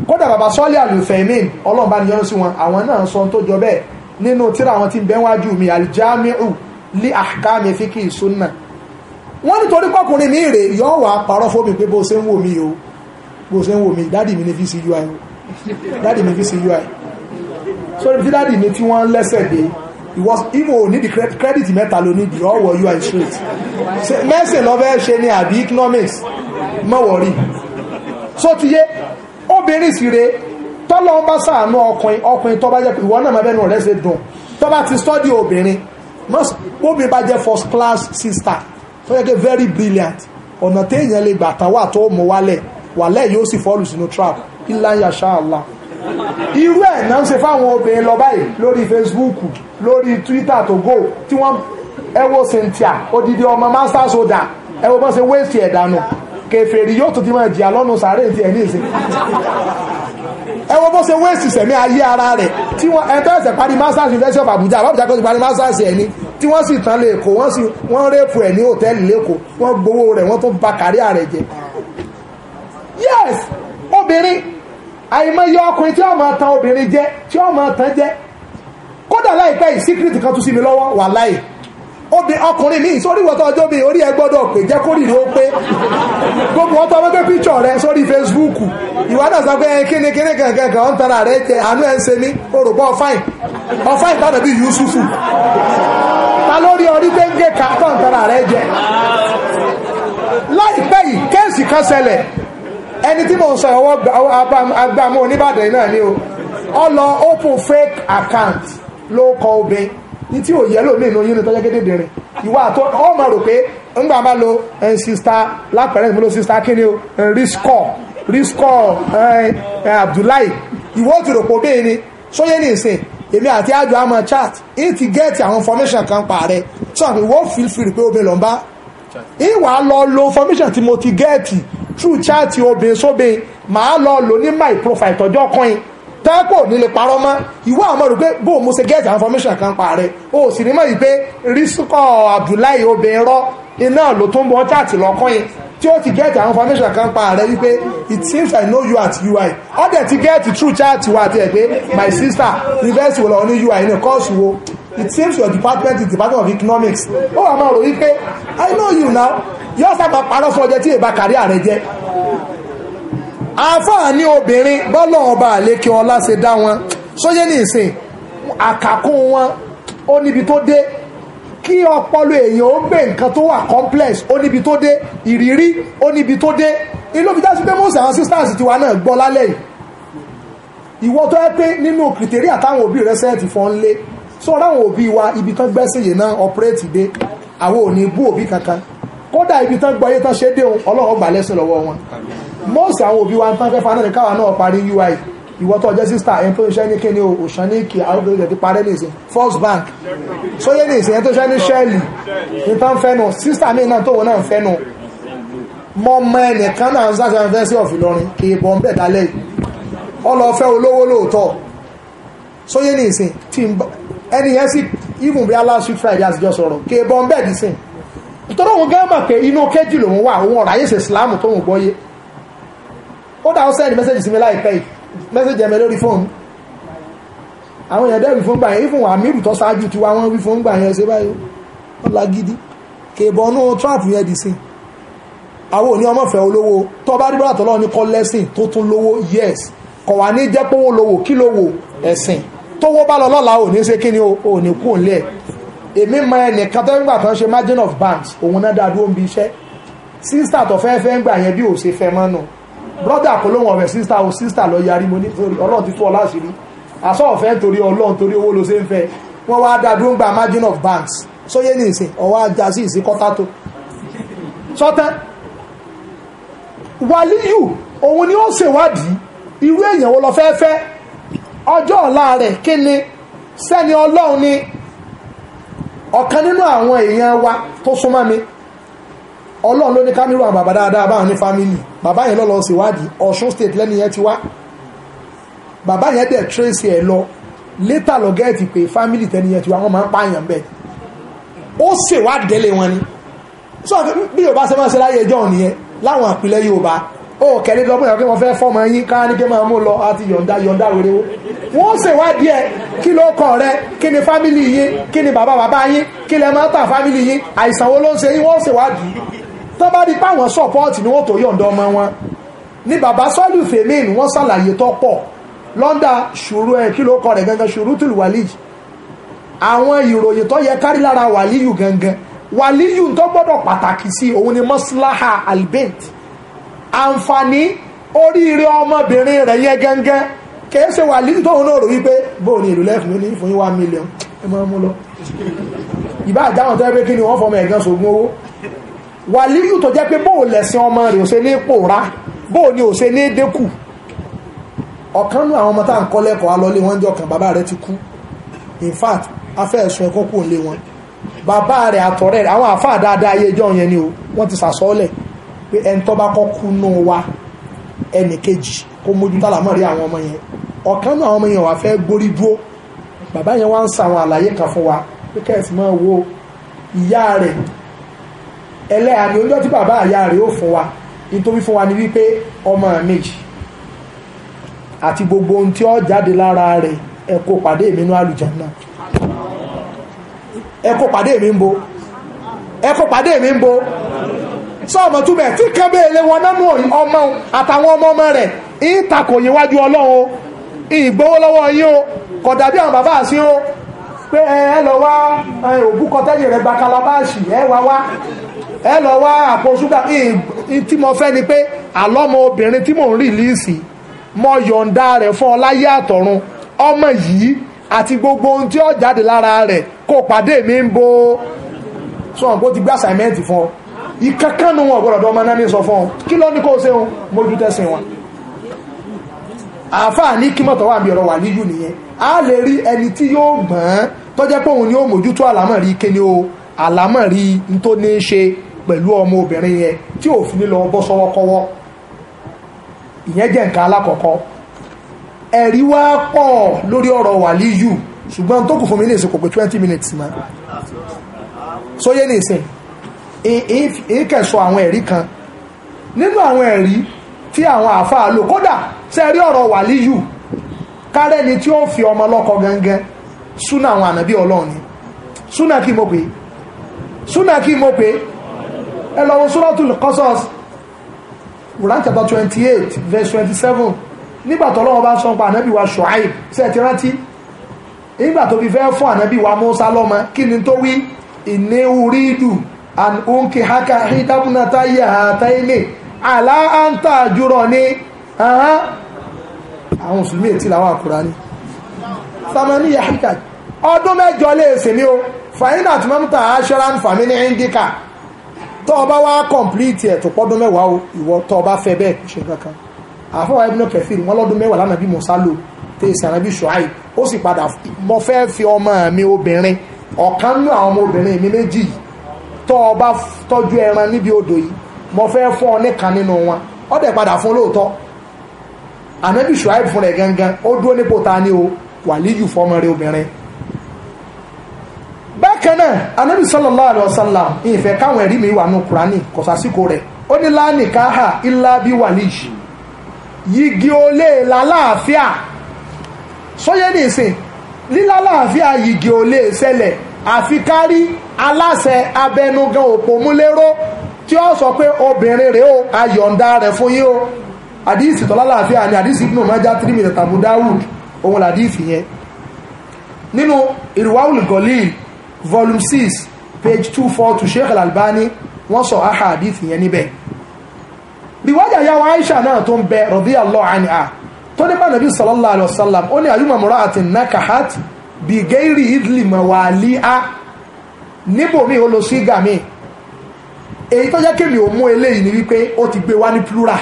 kódà bàbá sọ́ọ́lì àlùfẹ́mìn ọlọ́ọ̀bá ni yọ́n sí wọn àwọn náà sọ tó jọ bẹ́ẹ̀ nínú tíra àwọn tí ń bẹ́wájú mi aljamiu li ahkami fiki sunna wọ́n nítorí pọ́kùnrin mi rè yọ́ wà parọ́ fómi pé bó ṣe ń wò mí o bó ṣe ń wò mí dádì mi ní vcui dádì mi vcui so ibi tí dádì mi tí wọ́n lẹ́sẹ̀ dé ìwọ ò ní di credit mẹ́ta ló ní di ọwọ́ ui straight mẹ́sìn lọ́fẹ́ ṣe ni àbí economics mọ́wọ́rì so ti yé obìnrin sì rèé tọ́lọ́ bá sàánú ọkùnrin ọkùnrin tọ́ bá jẹ́ ìwọ náà mẹ́bẹ́nu rẹ̀ ṣe dùn tọ́ bá ti study obìnrin obìnrin bá jẹ́ first class sister tó yẹ kí very brilliant ọ̀nà téèyàn lè gbà tàwa tó mú wálẹ̀ wàlẹ́ yóò sì fọ́ọ̀lù sínú trap ìlànà ṣáàlá irú ẹ̀ náà ń ṣe fáwọn obìnrin lọ báyìí lórí Facebook lórí Twitter tó go tí wọ́n ẹ wo Cynthia odidi ọmọ master soda ẹ wo bọ́n ṣe wéèfì ẹ̀ dànù kèfèrí yóò tó ti máa jìyà lọ́nà sàárè ti ẹ̀ ní ìsìn ẹ wo bó ṣe wéèsì sẹ̀mí ayé ara rẹ̀ tí wọ́n ẹ̀tọ́ ẹ̀sẹ̀ parí masters university of abuja àbábùjá kó ti parí masters ẹ̀ ní tí wọ́n sì tán lẹ́kọ̀ọ́ wọ́n sì wọ́n rẹ́pù ẹ̀ ní hòtẹ́ẹ̀lì lẹ́kọ̀ọ́ wọ́n gbowó rẹ̀ wọ́n tún ba kàríà rẹ̀ jẹ́ yes obìnrin àìmọye ọkùnrin tí ọmọ tàn obìnrin jẹ tí ọmọ tàn jẹ kódà láìpẹ́ yìí síkírìtì kan tún sí mi lọ́wọ́ wà láì ọkùnrin mi sórí ori ọjọ́ mi orí ẹ gbọ́dọ̀ pé jẹ́ kó ó pé gbogbo wọn tọ́ wípé píṣọ̀ rẹ sórí Facebook ìwà náà sọ pé eh, kíni kíni kankan kan tara rẹ jẹ àánú ẹ ń ṣe mí ọfáìn ọfáìn Yusufu ta lórí ẹni tí mò ń sọ ọwọ́ agbámú oníbàdàn náà ni o ọ lọ open fake account ló kọ obìnrin ní tí ò yẹ lómi inú yín ní tọ́jọ́ gédéde rìn ìwà àtọ́ ọ mọ̀ rò pé ńgbà máa lo sista lápẹ̀rẹ́ ìmúlò sista kíni o riskọ riskọ Abdullahi ìwọ ti rò pé obìnrin ni sóyè ní ìsìn èmi àti àjọ àmọ́ chat èyí ti gẹ́ẹ̀tì àwọn information kan pààrẹ sọ pé wọ́n feel free pé obìnrin lọ́nba ìwà lọ lo information tí mo ti gẹ́ẹ̀tì true chat obìnrin sóbìn màá lọ lò ní my profile tọjọ́ kan yìí tẹ́pọ̀ nílé parọ́ mọ́ ìwọ àwọn ọmọdé pé bó o mo ṣe get information kan pa rẹ̀ o sì ní mọ̀ yìí pé rísíkọ̀ Abdullahi obìnrin rọ iná ló tó ń bọ́ chat lọ́kàn yìí tí ó ti get information kan pa rẹ̀ wípé it seems I know you at UI ọ̀dẹ̀ ti get true chat wa àti ẹ̀ pé my sister university wò lọ ní UI ní course wo it seems your department is department of economics ó wà máa rò wípé I know you now yóò sábà parọ́ fún ọjọ́ tí èèbá kárí ààrẹ jẹ́ àáfàá ní obìnrin bọ́lọ̀ ọba àlékè ọlá ṣe dá wọn sóyé ní ìsìn àkàkùn wọn ó níbi tó dé kí ọpọlọ èèyàn ó gbé nǹkan tó wà complex ó níbi tó dé ìrírí ó níbi tó dé inú fi dájú pé mọ́sí àwọn sisters tiwa náà gbọ́ lálẹ́ yìí ìwọ tó ẹ pé nínú kìrìtẹ́rì àtàwọn òbí rẹ sẹ́ẹ̀tì fọ́n lé sọ́ọ́ ráwọn òbí wa ibi tán gbẹ́sẹ̀ yìí náà ọ̀pẹ́rẹ́tì dé àwọn ò ní bú òbí kankan kódà ibi tán gbọ́ yé tán ṣe dé o ọlọ́run gbà lẹ́sìn lọ́wọ́ wọn mọ́ọ̀sì àwọn òbí wa ń tán fẹ́fà náà ní káwa náà parí ui ìwọ tó jẹ́ sísítà ẹni tó ń ṣe ní kíni o òṣàníkì àwòdòdò ti parẹ́ nìsín first bank sóyè nìsín ẹni tó ṣe ní ṣẹ́ẹ̀lì ní tán fẹ́nu sísítà míì náà tóun náà fẹ́nu mọ ọmọ ẹnìkan náà ń sáṣà fẹ́ sí ọ̀fìlọrin kì í bọ̀ ń bẹ̀ dálẹ̀ ọlọ́fẹ́ olówó lóòótọ́ sóyè nìsín ẹni yẹn sì even bí aláṣù friday àtijọ́ sọ̀rọ̀ kì í bọ̀ ń bẹ̀ dísìn ìtọ́rọ̀ òun gán mọ̀ pé inú kéjì lòun wà òun ọ̀rọ̀ ayé ṣe ìsìláàmù tó ń gbọ́yé ó dá ọ́sẹ́ẹ̀dì mẹ́sẹ̀jì sí mi láìpẹ́ yìí mẹ́sẹ̀jì ẹ̀mẹ́ lórí fóònù àwọn èèyàn dẹ́rù fún gbà yẹn ìfún àmírù tó ṣáájú ti wá wọ́n wí fún gbà yẹn ṣe báyìí wọ́n la gidi kèbọnú tíráàpù yẹn dì sí àwọn òní ọmọ fẹ́ olówó tó bá rí bọ́làtọ́ lọ́wọ́ ní kọ́ lẹ́sìn tó tún lówó yes kọ̀ wá ní jẹ́ pówó lówó kí lówó ẹ̀sìn tówó bá lọ lọ́la ò ní ṣe kí ni ò ní kú òun lẹ́ẹ̀ èmi mọ ẹnìkan tó ń gbà tán ṣe margin of banks òun náà dáa dúró ń bi iṣẹ́ sísítà tó fẹ́ fẹ́ ń gbà yẹn bí ò ṣe fẹ́ mọ́ nù brọ́dà kò lóhùn ọ̀rẹ́ sísítà o sísítà lọ yarí mo ní torí ọlọ́run ti fún ọ láṣìírí àṣọ ọ̀fẹ́ torí ọlọ́run torí owó ló ṣe ń fẹ́ wọ́n wá dáa ń gba margin of banks sóyè ní ìsìn ọ̀wá ajá sí ìsìn kọ́tà tó sọ́tẹ́ wàlíyù òun ni ó ṣèwádìí irú èèyàn wo lọ fẹ́ fẹ́ ọjọ́ ọ̀la rẹ̀ kí ni sẹ́ni ọlọ́run ni ọ̀kan nínú àwọn èèyàn wa tó súnmọ́ mi ọlọ́run ló ní ká nírú àwọn bàbá dáadáa báwọn ní fámìlì bàbá yẹn lọ́lọ́ ṣèwádìí Ọ̀ṣun state lẹ́nu yẹn ti wá bàbá yẹn dẹ̀ tracy ẹ̀ lọ létà lọ́gẹ́ẹ̀tì pé fámìlì tẹ́ni yẹn ti wá wọ́n máa ń pààyàn bẹ́ẹ̀ ó ṣèwádìí délé wọn ni sọ bí Yorùbá ṣe máa ṣe láyé ẹjọ́ nìyẹn láwọn àpilẹ̀ Yorùbá ó kẹ̀lé lọ fún ìyàwó pé wọ́n fẹ́ fọ́mọ yín ká ní kí máa mú lọ àti yọ̀ǹda yọ̀ǹda rere wọ́n ṣèwádìí ẹ̀ kí ló kọ̀ rẹ kí ni fámìlì yín kí ni bàbá bàbá yín kí lẹ máa tà fámìlì yín àìsàn wo ló ń ṣe yín wọ́n ṣèwádìí tó bá di páwọn sọ́pọ́ọ̀tì ni wọ́n tó yọ̀ǹda ọmọ wọn ní bàbá sọ́lù fèmíìn wọ́n ṣàlàyé tó pọ̀ lọ́ndà ṣùrù ẹ̀ kí ló kọ̀ rẹ̀ gangan ṣùrù tùlù wàlíì àwọn ìròyìn tó yẹ kárí lára wàlíyù gangan wàlíyù tó gbọ́dọ̀ pàtàkì sí òun ni mọ́síláhà albert àǹfààní oríire ọmọbìnrin rẹ̀ yẹ gángan kìí ṣe wà lílù tóun náà rò wípé bóun ni ìlú lẹ́fún ní fún yín one million ẹ máa mú lọ ìbá àdáhùn tó yẹ pé kí ni wọ́n fọmọ ẹ̀gán sógun owó wà lílù tó jẹ́ pé bóun lẹ̀sìn ọmọ rẹ̀ ò ṣe ní pòórá bóun ni ò ṣe ní dínkù ọ̀kan nú àwọn ọmọ tá à ń kọ́ lẹ́kọ̀ọ́ alọ́lé wọn jọ kan bàbá rẹ̀ ti kú in fact afẹ́ ẹ̀sùn ẹ̀kọ́ kù ń lé wọn bàbá rẹ̀ àtọ̀rẹ́ rẹ̀ àwọn àfáà dáadáa ayé ìjọ yẹn ni o wọ́n ti sàsọ́ọ́lẹ̀ pé ẹni tó bá kọ́kú nù wa ẹnì kejì kó mójú tálàmọ́ rí àwọn ọmọ yẹn ọ̀kan náà àwọn ọmọ yẹn wà fẹ́ gbórí dúró bàbá yẹn wá ń sa àwọn àlàyé kan fún wa pé kẹ́sì máa wo ìyá rẹ̀ ẹlẹ́yà ni ọjọ́ tí bàbá ìyá rẹ̀ ó fún wa nítorí fún wa ni wípé ọmọ méjì àti gbogbo ohun tí ó jáde lára rẹ̀ ẹ pàdé mi nú àlùjánnà ẹ kó pàdé mi ń bo ẹ pàdé mi ń bo sọ́ọ̀mọ̀ túbẹ̀ tí kan bẹ́ẹ̀ lé wọn nánú ọmọ àtàwọn ọmọ ọmọ rẹ̀ ń takò yín wájú ọlọ́run o ìgbowó lọ́wọ́ yín o kò dàbí àwọn bàbá àsín o pé ẹ lọ wá òbúkọ tẹ́yìn rẹ̀ gba kalabaasi ẹ wá wá ẹ lọ wá àpò ṣúgà tí mo fẹ́ ni pé àlọ́mọ obìnrin tí mò ń rìlíìsì mo yọ̀ǹda rẹ̀ fún ọ láyé àtọ̀run ọmọ yìí àti gbogbo ohun tí ó jáde lára rẹ̀ kó pàdé mi ń bo sọ̀rọ̀ bó ti gbé àṣàmẹ́ǹtì fún ọ ìkankánu wọn ọ̀gbọ́dọ̀ ọmọ náà ní sọ fún ọ kí ló ní kó o ṣe ń mójú tẹ́sìn wọn àáfàá ní kí mọ̀tọ̀ wà bí ọ̀rọ̀ wà níyù nìyẹn a lè rí ẹni tí yóò gbọ́n tó jẹ́ pé òun ni ó mójútó àlámọ̀rí kíni o àlámọ̀rí tó ní í ṣe pẹ̀lú ọmọ obìnrin yẹn tí òfin lọ bọ́ sọ́wọ́kọ́wọ́ ìyẹn jẹ́ nǹkan alákọ̀ọ́kọ́ ẹ̀rí wá pọ̀ lórí ọ̀rọ̀ wà níyù ṣùgbọ́n tó kù fún mi ní ìsìnkò pé twenty minutes mọ́ sóyé ní ìsìn ìkẹ̀sọ àwọn ẹ̀rí kan nínú àwọn ẹ̀rí tí àwọn àáfàá lò kódà sẹ́rí ọ̀rọ̀ wàlíyù kárẹ́ni tí ó fi ọmọ lọ́kọ gangan súnà àwọn ànàbí ọlọ́run ni súnà kí mo pè súnà kí mo pè ẹ lọ wo Suratul Qasas Quran chapter twenty 28, verse twenty seven nígbà tó Ọlọ́run bá ń sọ pa ànábì wa Ṣuaib ṣe ẹ ti rántí nígbà tó fi fẹ́ fún ànábì wa Musa lọ́mọ kí ni tó wí ìníwúrídù an unki haka hidabna ta yi hataini ala an ta juro ni àwọn musulmi ètí làwọn àkúrá ní samani ya hika ọdún mẹ́jọ lè sèmi o fàyínà tí wọ́n ta aṣọ́ra fàmí ní indika tó o bá wá kọ̀m̀plìtì ẹ̀ tó pọ́dún mẹ́wàá o ìwọ tó o bá fẹ́ bẹ́ẹ̀ kò ṣe kankan àfọwọ́ ibùdó kẹfìrì wọn lọ́dún mẹ́wàá lánàá bí musa lò tẹ̀sí ànábì ṣùáì ó sì padà mo fẹ́ fi ọmọ mi obìnrin ọ̀kan nínú àwọn ọmọ mi méjì yìí tọ́ ọ tọ́jú ẹran níbi odò yìí mo fẹ́ fún ọ nìkan nínú wọn ó dẹ̀ padà fún lóòótọ́ ànábì ṣùáìb fún rẹ̀ gangan ó dúró nípò ta ni o wàlíyù fọmọ rẹ̀ obìnrin bákan náà ànábì sallallahu alaihi wasallam ìfẹ́ káwọn ẹ̀rí mi wà nù kúránì kọ̀sásíkò rẹ̀ ó ní lánìkáhà ìlàbí wàlíyù yìgì olè lálàáfíà sóyè nìsín lílálàáfíà yìgì olè ṣẹlẹ̀ àfi kárí aláṣẹ abẹnugan òpómúléró tí ó sọ pé obìnrin rèé o ayọ̀ǹda rẹ̀ fún yín o àdíìsì tọ́lá láàfíà ni àdíìsì ibùdó májá tírìmì tàbí dáwùd òun làdíìsì yẹn nínú ìrìwáwùl gọ̀lì volume 6 page 24 to sheikh al-albani wọ́n sọ aha àdíìsì yẹn níbẹ̀ ríwájà yàwó aisha náà tó ń bẹ radiyallahu anha tó ní bá nàbí sallallahu alaihi wasallam ó ní àyùmọ̀ mọ́ra àti nakahat bìgẹ́rì idli mọ̀wálí á níbòmí ó lo sígà mi èyí tó jẹ́ kémi ò mú eléyìí ni wípé ó ti gbé wá ní plural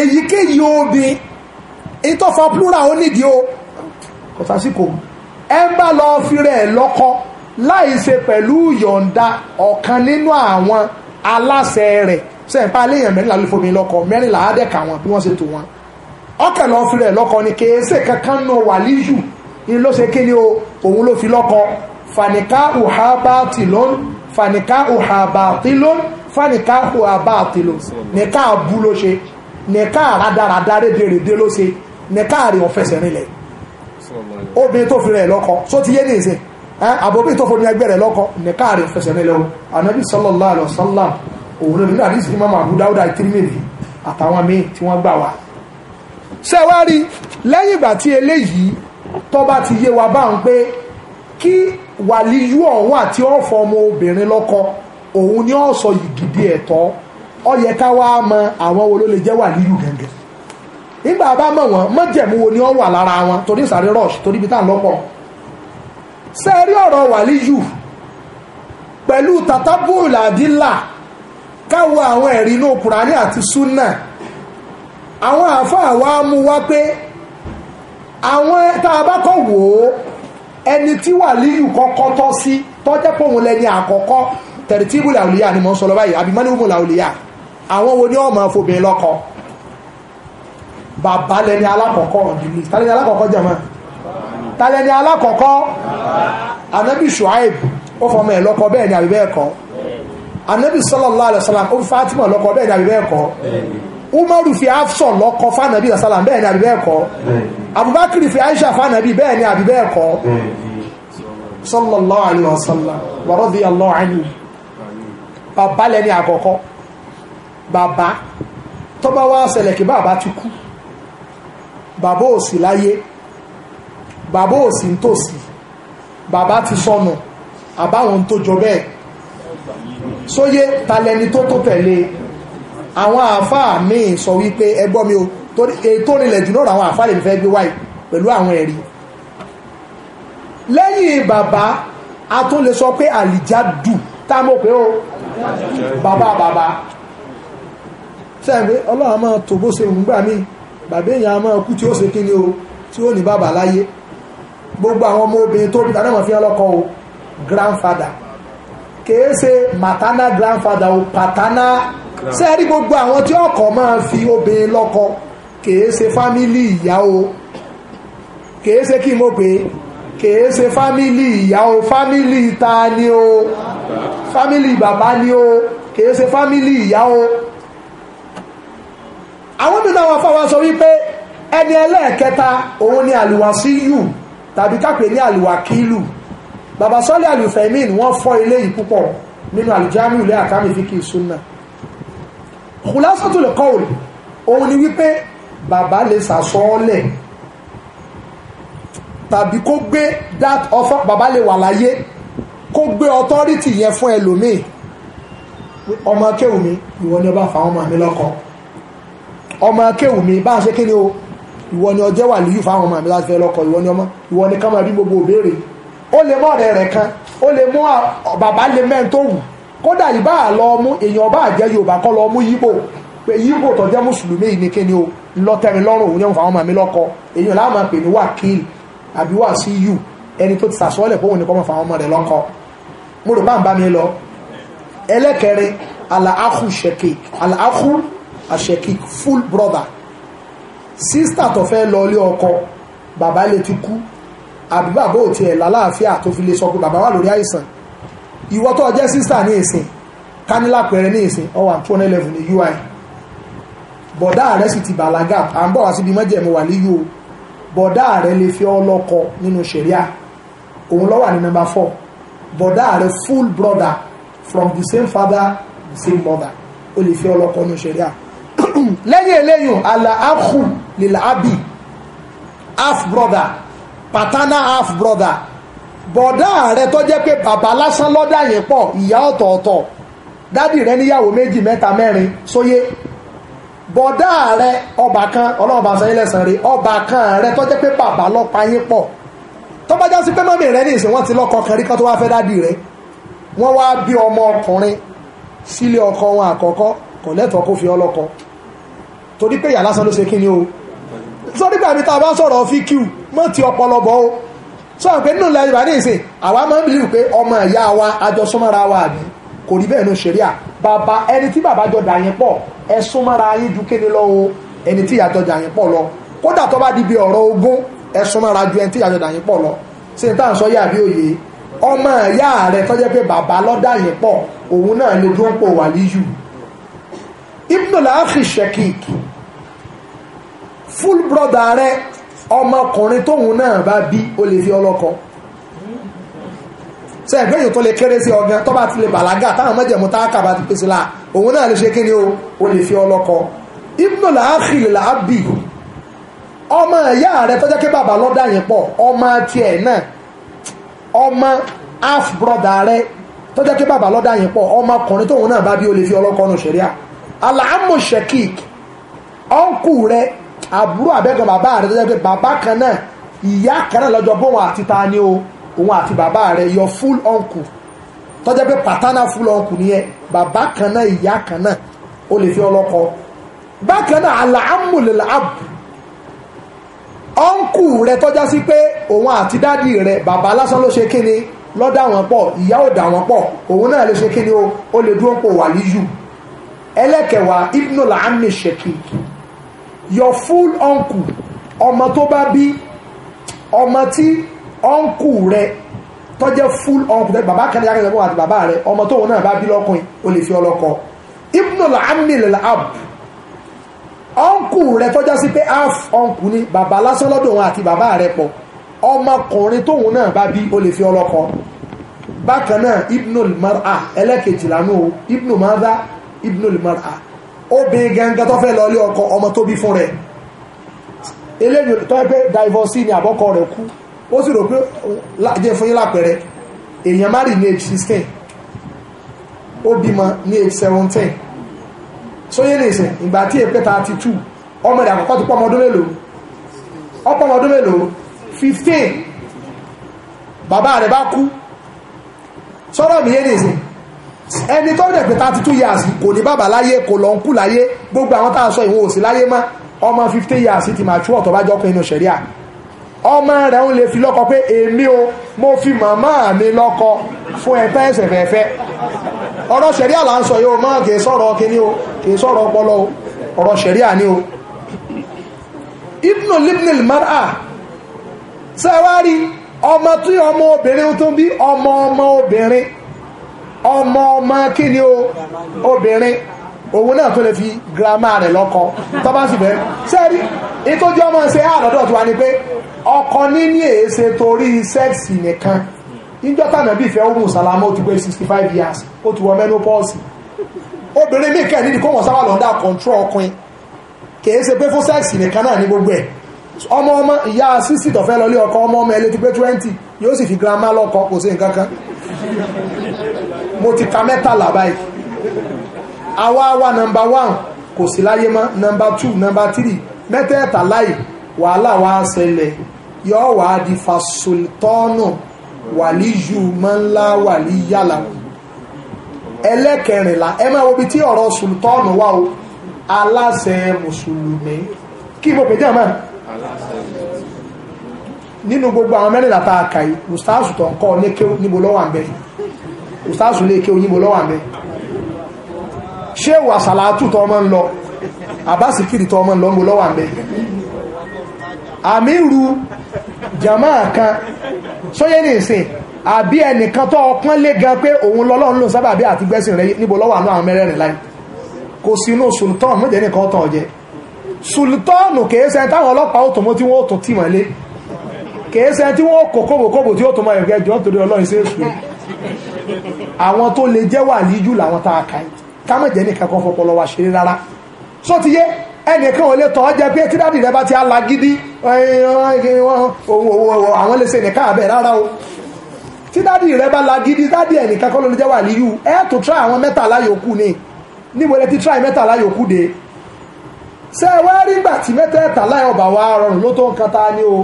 èyíkéyìí obìn èyí tó fa plural ó nídìí o kò sásìkò ẹ ń bá lọ fi rẹ̀ lọ́kọ láì ṣe pẹ̀lú yọ̀ǹda ọ̀kan nínú àwọn aláṣẹ rẹ̀ sẹ́yìn pa aléyàn mẹ́rìnlá ló fomi lọ́kọ mẹ́rìnlá á dẹ̀ka wọn bí wọ́n ṣe tò wọn ọkàn lọ fi rẹ̀ lọ́kọ ni kèése kankan nù wàlíyù in ló ṣe kíni o òun ló fi lọ́kọ fàníká òhà bá ti lọ́n fàníká òhà bá ti lọ́n fàníká òhà bá ti lọ́n nìka àbú ló ṣe nìka àràdàràdà rédèrèdè ló ṣe nìka àrè ọ̀fẹsẹ̀ rinlẹ̀ obìnrin tó fi rẹ̀ lọ́kọ só ti yé ní ìsìn àbòbí tó fòmí ẹgbẹ́ rẹ̀ lọ́kọ nìka àrè ọ̀fẹsẹ̀ rinlẹ̀ o anabi sallallahu alaihi wasallam òun tó bá ti yé wa báwọn pé kí wàlíyú ọ̀hún àti ọ̀fọ̀ ọmọ obìnrin lọ́kọ òun ni ó sọ ìgidì ẹ̀tọ́ ó yẹ ká wá mọ àwọn wo ló lè jẹ́ wàlíyú gẹ́gẹ́ nígbà bá mọ̀ wọ́n mọ̀jẹ̀mú wo ni ó wà lára wọn torí sàrí rush torí ibi tá à ń lọ́pọ̀ sẹ́ẹ̀rí ọ̀rọ̀ wàlíyù pẹ̀lú tàtàbùlà àdílà káwọ àwọn ẹ̀rí inú kùránì àti súnà àwọn àáfàá wa mú wá pé àwọn tá a bá kọ́ wò ó ẹni tí wàlíyù kọ́kọ́ tọ́ sí tọ́jẹ́ pòun lẹni àkọ́kọ́ tẹ̀rìtìbù làwùlíyà ni mò ń sọ lọ báyìí àbí mọ́nìbù làwùlíyà àwọn wo ni wọ́n máa fòbìnrin lọ́kọ bàbá lẹni alákọ̀ọ́kọ́ ọ̀dìlì tálẹ́ni alákọ̀ọ́kọ́ jẹ̀mọ́ tálẹ́ni alákọ̀ọ́kọ́ anabi shuaib ó fọmọ ẹ̀ lọ́kọ bẹ́ẹ̀ ni àbí bẹ́ẹ̀ kọ́ anabi sallallahu alaihi wasallam ó fi fatima lọ́kọ bẹ́ẹ̀ ni àbí bẹ́ẹ̀ kọ́ umaru fi afsọ lọ́kọ fanabi asala bẹ́ẹ̀ ni àbí bẹ́ẹ̀ kọ́ abubakar fi aisha fanabi bẹ́ẹ̀ ni àbí bẹ́ẹ̀ kọ́ sallallahu alayhi wa sallam wa radiyallahu anhu bàbá lẹ́ni àkọ́kọ́ bàbá tó bá wá ṣẹlẹ̀ kí bàbá ti kú bàbá ò sí láyé bàbá ò sí nítòsí bàbá ti sọnù àbáwọn tó jọ bẹ́ẹ̀ sóyé ta lẹni tó tó tẹ̀lé àwọn àáfàá míì sọ wípé ẹgbọ́ mi o tó nílẹ̀ jù náà àwọn àáfàá lè fẹ́ gbé wáyé pẹ̀lú àwọn ẹ̀rí lẹ́yìn bàbá a tún lè sọ pé àlìjádù tá a mọ̀ pé o bàbá bàbá sẹ́yìnbé ọlọ́run máa tó bó ṣe ìrùngbà míì bàbá èèyàn máa kú tí ó ṣe kíni o tí ó ní bàbá láyé gbogbo àwọn ọmọ obìnrin tó bí tàdámọ̀ fi hàn lọ́kọ o grandfather kìí ṣe maternal grandfather o paternal sẹ́ẹ̀rí gbogbo àwọn tí ọkọ máa fi obìnrin lọ́kọ kìí ṣe fámílì ìyá o kìí ṣe kí mo pè é kìí ṣe fámílì ìyá o fámílì ta ni o fámílì bàbá ni o kìí ṣe fámílì ìyá o àwọn nínú àwọn afáwa sọ wípé ẹni ẹlẹ́ẹ̀kẹta òun ni àlùwàsíyù tàbí kápẹ́ ní àlùwàkílù bàbá sọ́lé àlùfẹ̀mín wọ́n fọ́ ilé yìí púpọ̀ nínú àlùjáàmù ilé àkámì fíkì sunna khulasatul qawl òun ni wípé bàbá lè sàsọ́ọ́lẹ̀ tàbí kó gbé that offer bàbá lè wà láyé kó gbé authority yẹn fún ẹlòmíì ọmọ akéwù mi ìwọ ni ọba fáwọn ọmọ mi lọ́kọ ọmọ akéwù mi bá a ṣe kí ni o ìwọ ni ọjẹ́ wà líyù fáwọn ọmọ mi láti fẹ́ lọ́kọ ìwọ ni ọmọ ìwọ ni ká máa bí gbogbo òbéèrè ó lè mọ́ ọ̀rẹ́ rẹ̀ kan ó lè mú bàbá lè mẹ́rin tó wù kódà ìbá lọ mú èèyàn bá jẹ́ yorùbá kọ́ lọ mú yíbò pé yíbò tó jẹ́ mùsùlùmí yìí ni kí ni o lọ́tẹ̀rin lọ́rùn òun yẹn fún àwọn màmí lọ́kọ èèyàn láwọn máa pè ní wákìl àbí wà sí yù ẹni tó ti sàsọ́ọ̀lẹ̀ pé òun ni kọ́ mọ̀ ọmọ rẹ̀ lọ́kọ mo rò bá ń bá mi lọ ẹlẹ́kẹrin alaahu shekik alaahu ashekik full brother sister tó fẹ́ lọ ilé ọkọ bàbá lè ti kú àbí bàbá ò tiẹ̀ lálàáfíà tó fi lè sọ pé bàbá wà lórí àìsàn ìwọ tó jẹ́ sísà ní ìsìn kánilá pẹ̀rẹ̀ ní ìsìn ọwà 211 ní ui bọ̀dá rẹ̀ sì ti bàlágà à ń bọ̀ wá síbi mọ́jẹ̀mú wà líyù o bọ̀dá rẹ̀ lè fi ọlọ́kọ nínú ṣẹ̀ríà òun ló ní number four bọ̀dá rẹ̀ full brother from the same father the same mother ó lè fi ọlọ́kọ nínú ṣẹ̀ríà lẹ́yìn eléyìn alaahu lilabi half brother paternal half brother bọ̀dá rẹ tó jẹ́ pé bàbá lásán lọ́dà yẹn pọ̀ ìyá ọ̀tọ̀ọ̀tọ̀ dádì rẹ níyàwó méjì mẹ́ta mẹ́rin sóyé bọ̀dá rẹ ọba kan ọlọ́run bá sanyín lẹ́sàn rẹ ọba kan rẹ tó jẹ́ pé bàbá lọ́pa yín pọ̀ tó bá jásí pé mọ́mì rẹ ní ìsìn wọ́n ti lọ́kọ kan rí kan tó wá fẹ́ dádì rẹ wọ́n wá bí ọmọ ọkùnrin sílé ọkọ wọn àkọ́kọ́ kò lẹ́tọ̀ọ́ kó fi ọlọ́kọ torí pé ìyá lásán ló ṣe kí ni o sọ́dígbà mi tá a bá sọ̀rọ̀ fíkìú mọ́ ti ọpọlọ bọ́ o sọ pé nínú ilẹ̀ yorùbá ní ìsìn àwa máa ń bìlíwù pé ọmọ ìyá wa àjọ súnmọ́ra wa àbí kò rí bẹ́ẹ̀ nù ṣẹ̀ríà bàbá ẹni tí bàbá jọ dà yẹn pọ̀ ẹ súnmọ́ra yín ju kéde lọ o ẹni tí ìyá jọ dà yẹn pọ̀ lọ kódà tó bá di bí ọ̀rọ̀ ogún ẹ súnmọ́ra ju ẹni tí ìyá jọ dà yẹn pọ̀ lọ ṣe ní táà ń sọ yé àbí òye ọmọ ìyá rẹ tọ́jẹ́ pé bàbá lọ́dà yẹn pọ̀ òun náà lè dúró ń pò wà líyù ibùdó làá fi ṣẹ́kìkì full brother rẹ ọmọkùnrin tóun náà bá bí ó lè fi ọlọ́kọ ṣe ẹgbẹ́ yìí tó lè kéré sí ọgán tó bá ti lè bàlágà táwọn mẹ́jẹ̀mú tá a kà bá ti pèsè la òun náà lè ṣe kí ni o ó lè fi ọlọ́kọ ibùdó làákìlì làábì ọmọ ẹ̀yà rẹ tọ́jọ́ kí bàbá lọ́dà yẹn pọ̀ ọmọ tiẹ̀ náà ọmọ half brother rẹ tọ́jọ́ kí bàbá lọ́dà yẹn pọ̀ ọmọkùnrin tóun náà bá bí ó lè fi ọlọ́kọ nù ṣẹ̀ríà àlàámù shakik ọ̀nkù rẹ àbúrò àbẹ́gbọ̀n bàbá rẹ̀ tó jẹ́ pé bàbá kan náà ìyá kan náà lọ́jọ́ bóun àti ta ni o òun àti bàbá rẹ̀ your full uncle tó jẹ́ pé paternal full uncle nìyẹn bàbá kan náà ìyá kan náà ó lè fi ọlọ́kọ bákan náà àlàámùlẹ̀ àbù ọ̀nkù rẹ̀ tọ́já sí pé òun àti dádì rẹ̀ bàbá lásán ló ṣe kíni lọ́dà wọn pọ̀ ìyá ò dà wọn pọ̀ òun náà lè ṣe kíni o ó lè dúró pò wà líyù ẹlẹ́kẹ̀wá ibnu làámi ṣèkì your full uncle ọmọ tó bá bí ọmọ tí uncle rẹ tó full uncle rẹ bàbá kan yàgàjẹ́ àti bàbá rẹ ọmọ tóun náà bá bí lọ́kùnrin o lè fi ọlọ́kọ ibnul amil ab uncle rẹ tó já sí pé half uncle ni bàbá lásán lọ́dọ̀ òun àti bàbá rẹ pọ̀ ọmọkùnrin tóun náà bá bí o lè fi ọlọ́kọ bákan náà ibnul mar'a ẹlẹ́kejìlá náà ibnul mar'a ibnul mar'a obìnrin gangan tó fẹ́ lọ ilé ọkọ ọmọ tó bí fún rẹ̀ eléyìí tó ẹgbẹ́ divorce ni àbọ́kọ rẹ̀ kú ó sì rò pé jẹ́ fún yín lápẹẹrẹ èèyàn márì ní age sixteen ó bímọ ní age seventeen sóyè nìsín ìgbà tí èpè thirty two ọmọ ìdàgbà kọ́ ti pọ́ ọmọ ọdún mélòó ọpọ́ ọmọ ọdún mélòó fifteen bàbá rẹ̀ bá kú sọ́rọ̀ mi yé nìsín ẹni tó dẹ̀ pé thirty two years kò ní bàbá láyé kò lọ ń kú láyé gbogbo àwọn tá a sọ ìwọ̀n òsì láyé mọ́ ọmọ fifty years ti máa tú ọ̀tọ̀ bá jọ́ pé inú ṣẹ̀ríà ọmọ rẹ̀ ń lè fi lọ́kọ pé èmi o mo fi màmá mi lọ́kọ fún ẹ̀fẹ́ ẹ̀sẹ̀ fẹ́fẹ́ ọ̀rọ̀ ṣẹ̀ríà là ń sọ yóò mọ́ kìí sọ̀rọ̀ kíní o kìí sọ̀rọ̀ ọpọlọ o ọ̀rọ̀ ṣẹ̀ríà ni o ibnu libnil mara sẹ́wárí ọmọ tí ọmọ obìnrin tó bí ọmọ ọmọ obìnrin ọmọ ọmọ kí ni o obìnrin òun náà tó lè fi girama rẹ̀ lọ́kọ tó bá sì bẹ́ẹ̀ sẹ́rí ìtọ́jú ọmọ ṣe àròdọ̀ tó wá ni pé ọkọ níní èéṣe torí sẹ́ẹ̀sì nìkan níjọ́ tànà bí ìfẹ́ ọmọ sàlámà ó ti gbé sixty five years ó ti wọ menopause obìnrin míì kẹ́ nídìí kó wọ́n sábà lọ́ndà control ọkùnrin kìí ṣe pé fún sẹ́ẹ̀sì nìkan náà ní gbogbo ẹ̀ ọmọ ọmọ ìyá sixty tó fẹ́ lọlé ọkọ ọmọ ọmọ ẹ lè ti twenty yóò sì fi girama lọ́kọ kò sí nǹkan kan mo ti ka mẹ́tàlá báyìí àwa wa nọmba one kò sí láyé mọ́ nọmba two nọmba three mẹ́tẹ̀ẹ̀ta láì wàhálà wa ṣẹlẹ̀ yọ wà á di fasoltọ́nù wàlíyù mọ́ńlá wàlíyàlà ẹlẹ́kẹrìnlá ẹ máa wo bí tí ọ̀rọ̀ sultọ́ọ̀nù wà o aláṣẹ mùsùlùmí kí mo pè jẹ́ mọ́ nínú gbogbo àwọn mẹ́rìnlá tá a kà yìí mùsùlùmí tó ń kọ́ níbo lọ́wọ́ àbẹ́ ustaasu lè ké oyinbo lọ́wọ́ àmẹ́ ṣé wàsàlátù tó ọmọ ń lọ àbásíkiri tó ọmọ ń lọ ń bo lọ́wọ́ àmẹ́ àmírù jàmáà kan sóyẹ́ ní ìsìn àbí ẹnìkan tó ọpọ́n lé gan pé òun lọ́lọ́run ló sábà bí àti gbẹ́sìn rẹ̀ níbo lọ́wọ́ àánú àwọn mẹ́rẹ̀ẹ̀rin láì kò sí inú sultan mọ́jẹ́ nìkan tán ọjẹ́ sultan kèése táwọn ọlọ́pàá òtò mọ́ tí wọ́n tó tì mọ́lé kèése tí wọ́n kò kóbòkóbò tí ó tó mọ́ ẹ̀gẹ́jọ́ torí ọlọ́run sí èsù àwọn tó lè jẹ́ wà níjù làwọn tá a kà í ká má jẹ́ nìkan kan fọpọlọ wa ṣeré rárá só ti yé ẹnìkan ò lè tọ́ ọ jẹ pé tí dáàdì rẹ bá ti alágídí àwọn lè ṣe nìkan àbẹ̀ rárá o tí dáàdì rẹ bá lágídí dáàdì ẹnìkan kọ́ ló lè jẹ́ wà níyù ẹ tó try àwọn mẹ́tàlá yòókù ni níbo lẹ ti try mẹ́tàlá yòókù dé ṣé ẹ wá rí gbà tí mẹ́tẹ̀ẹ̀tàlá ọba wa rọrùn ló tó nǹkan ta ni o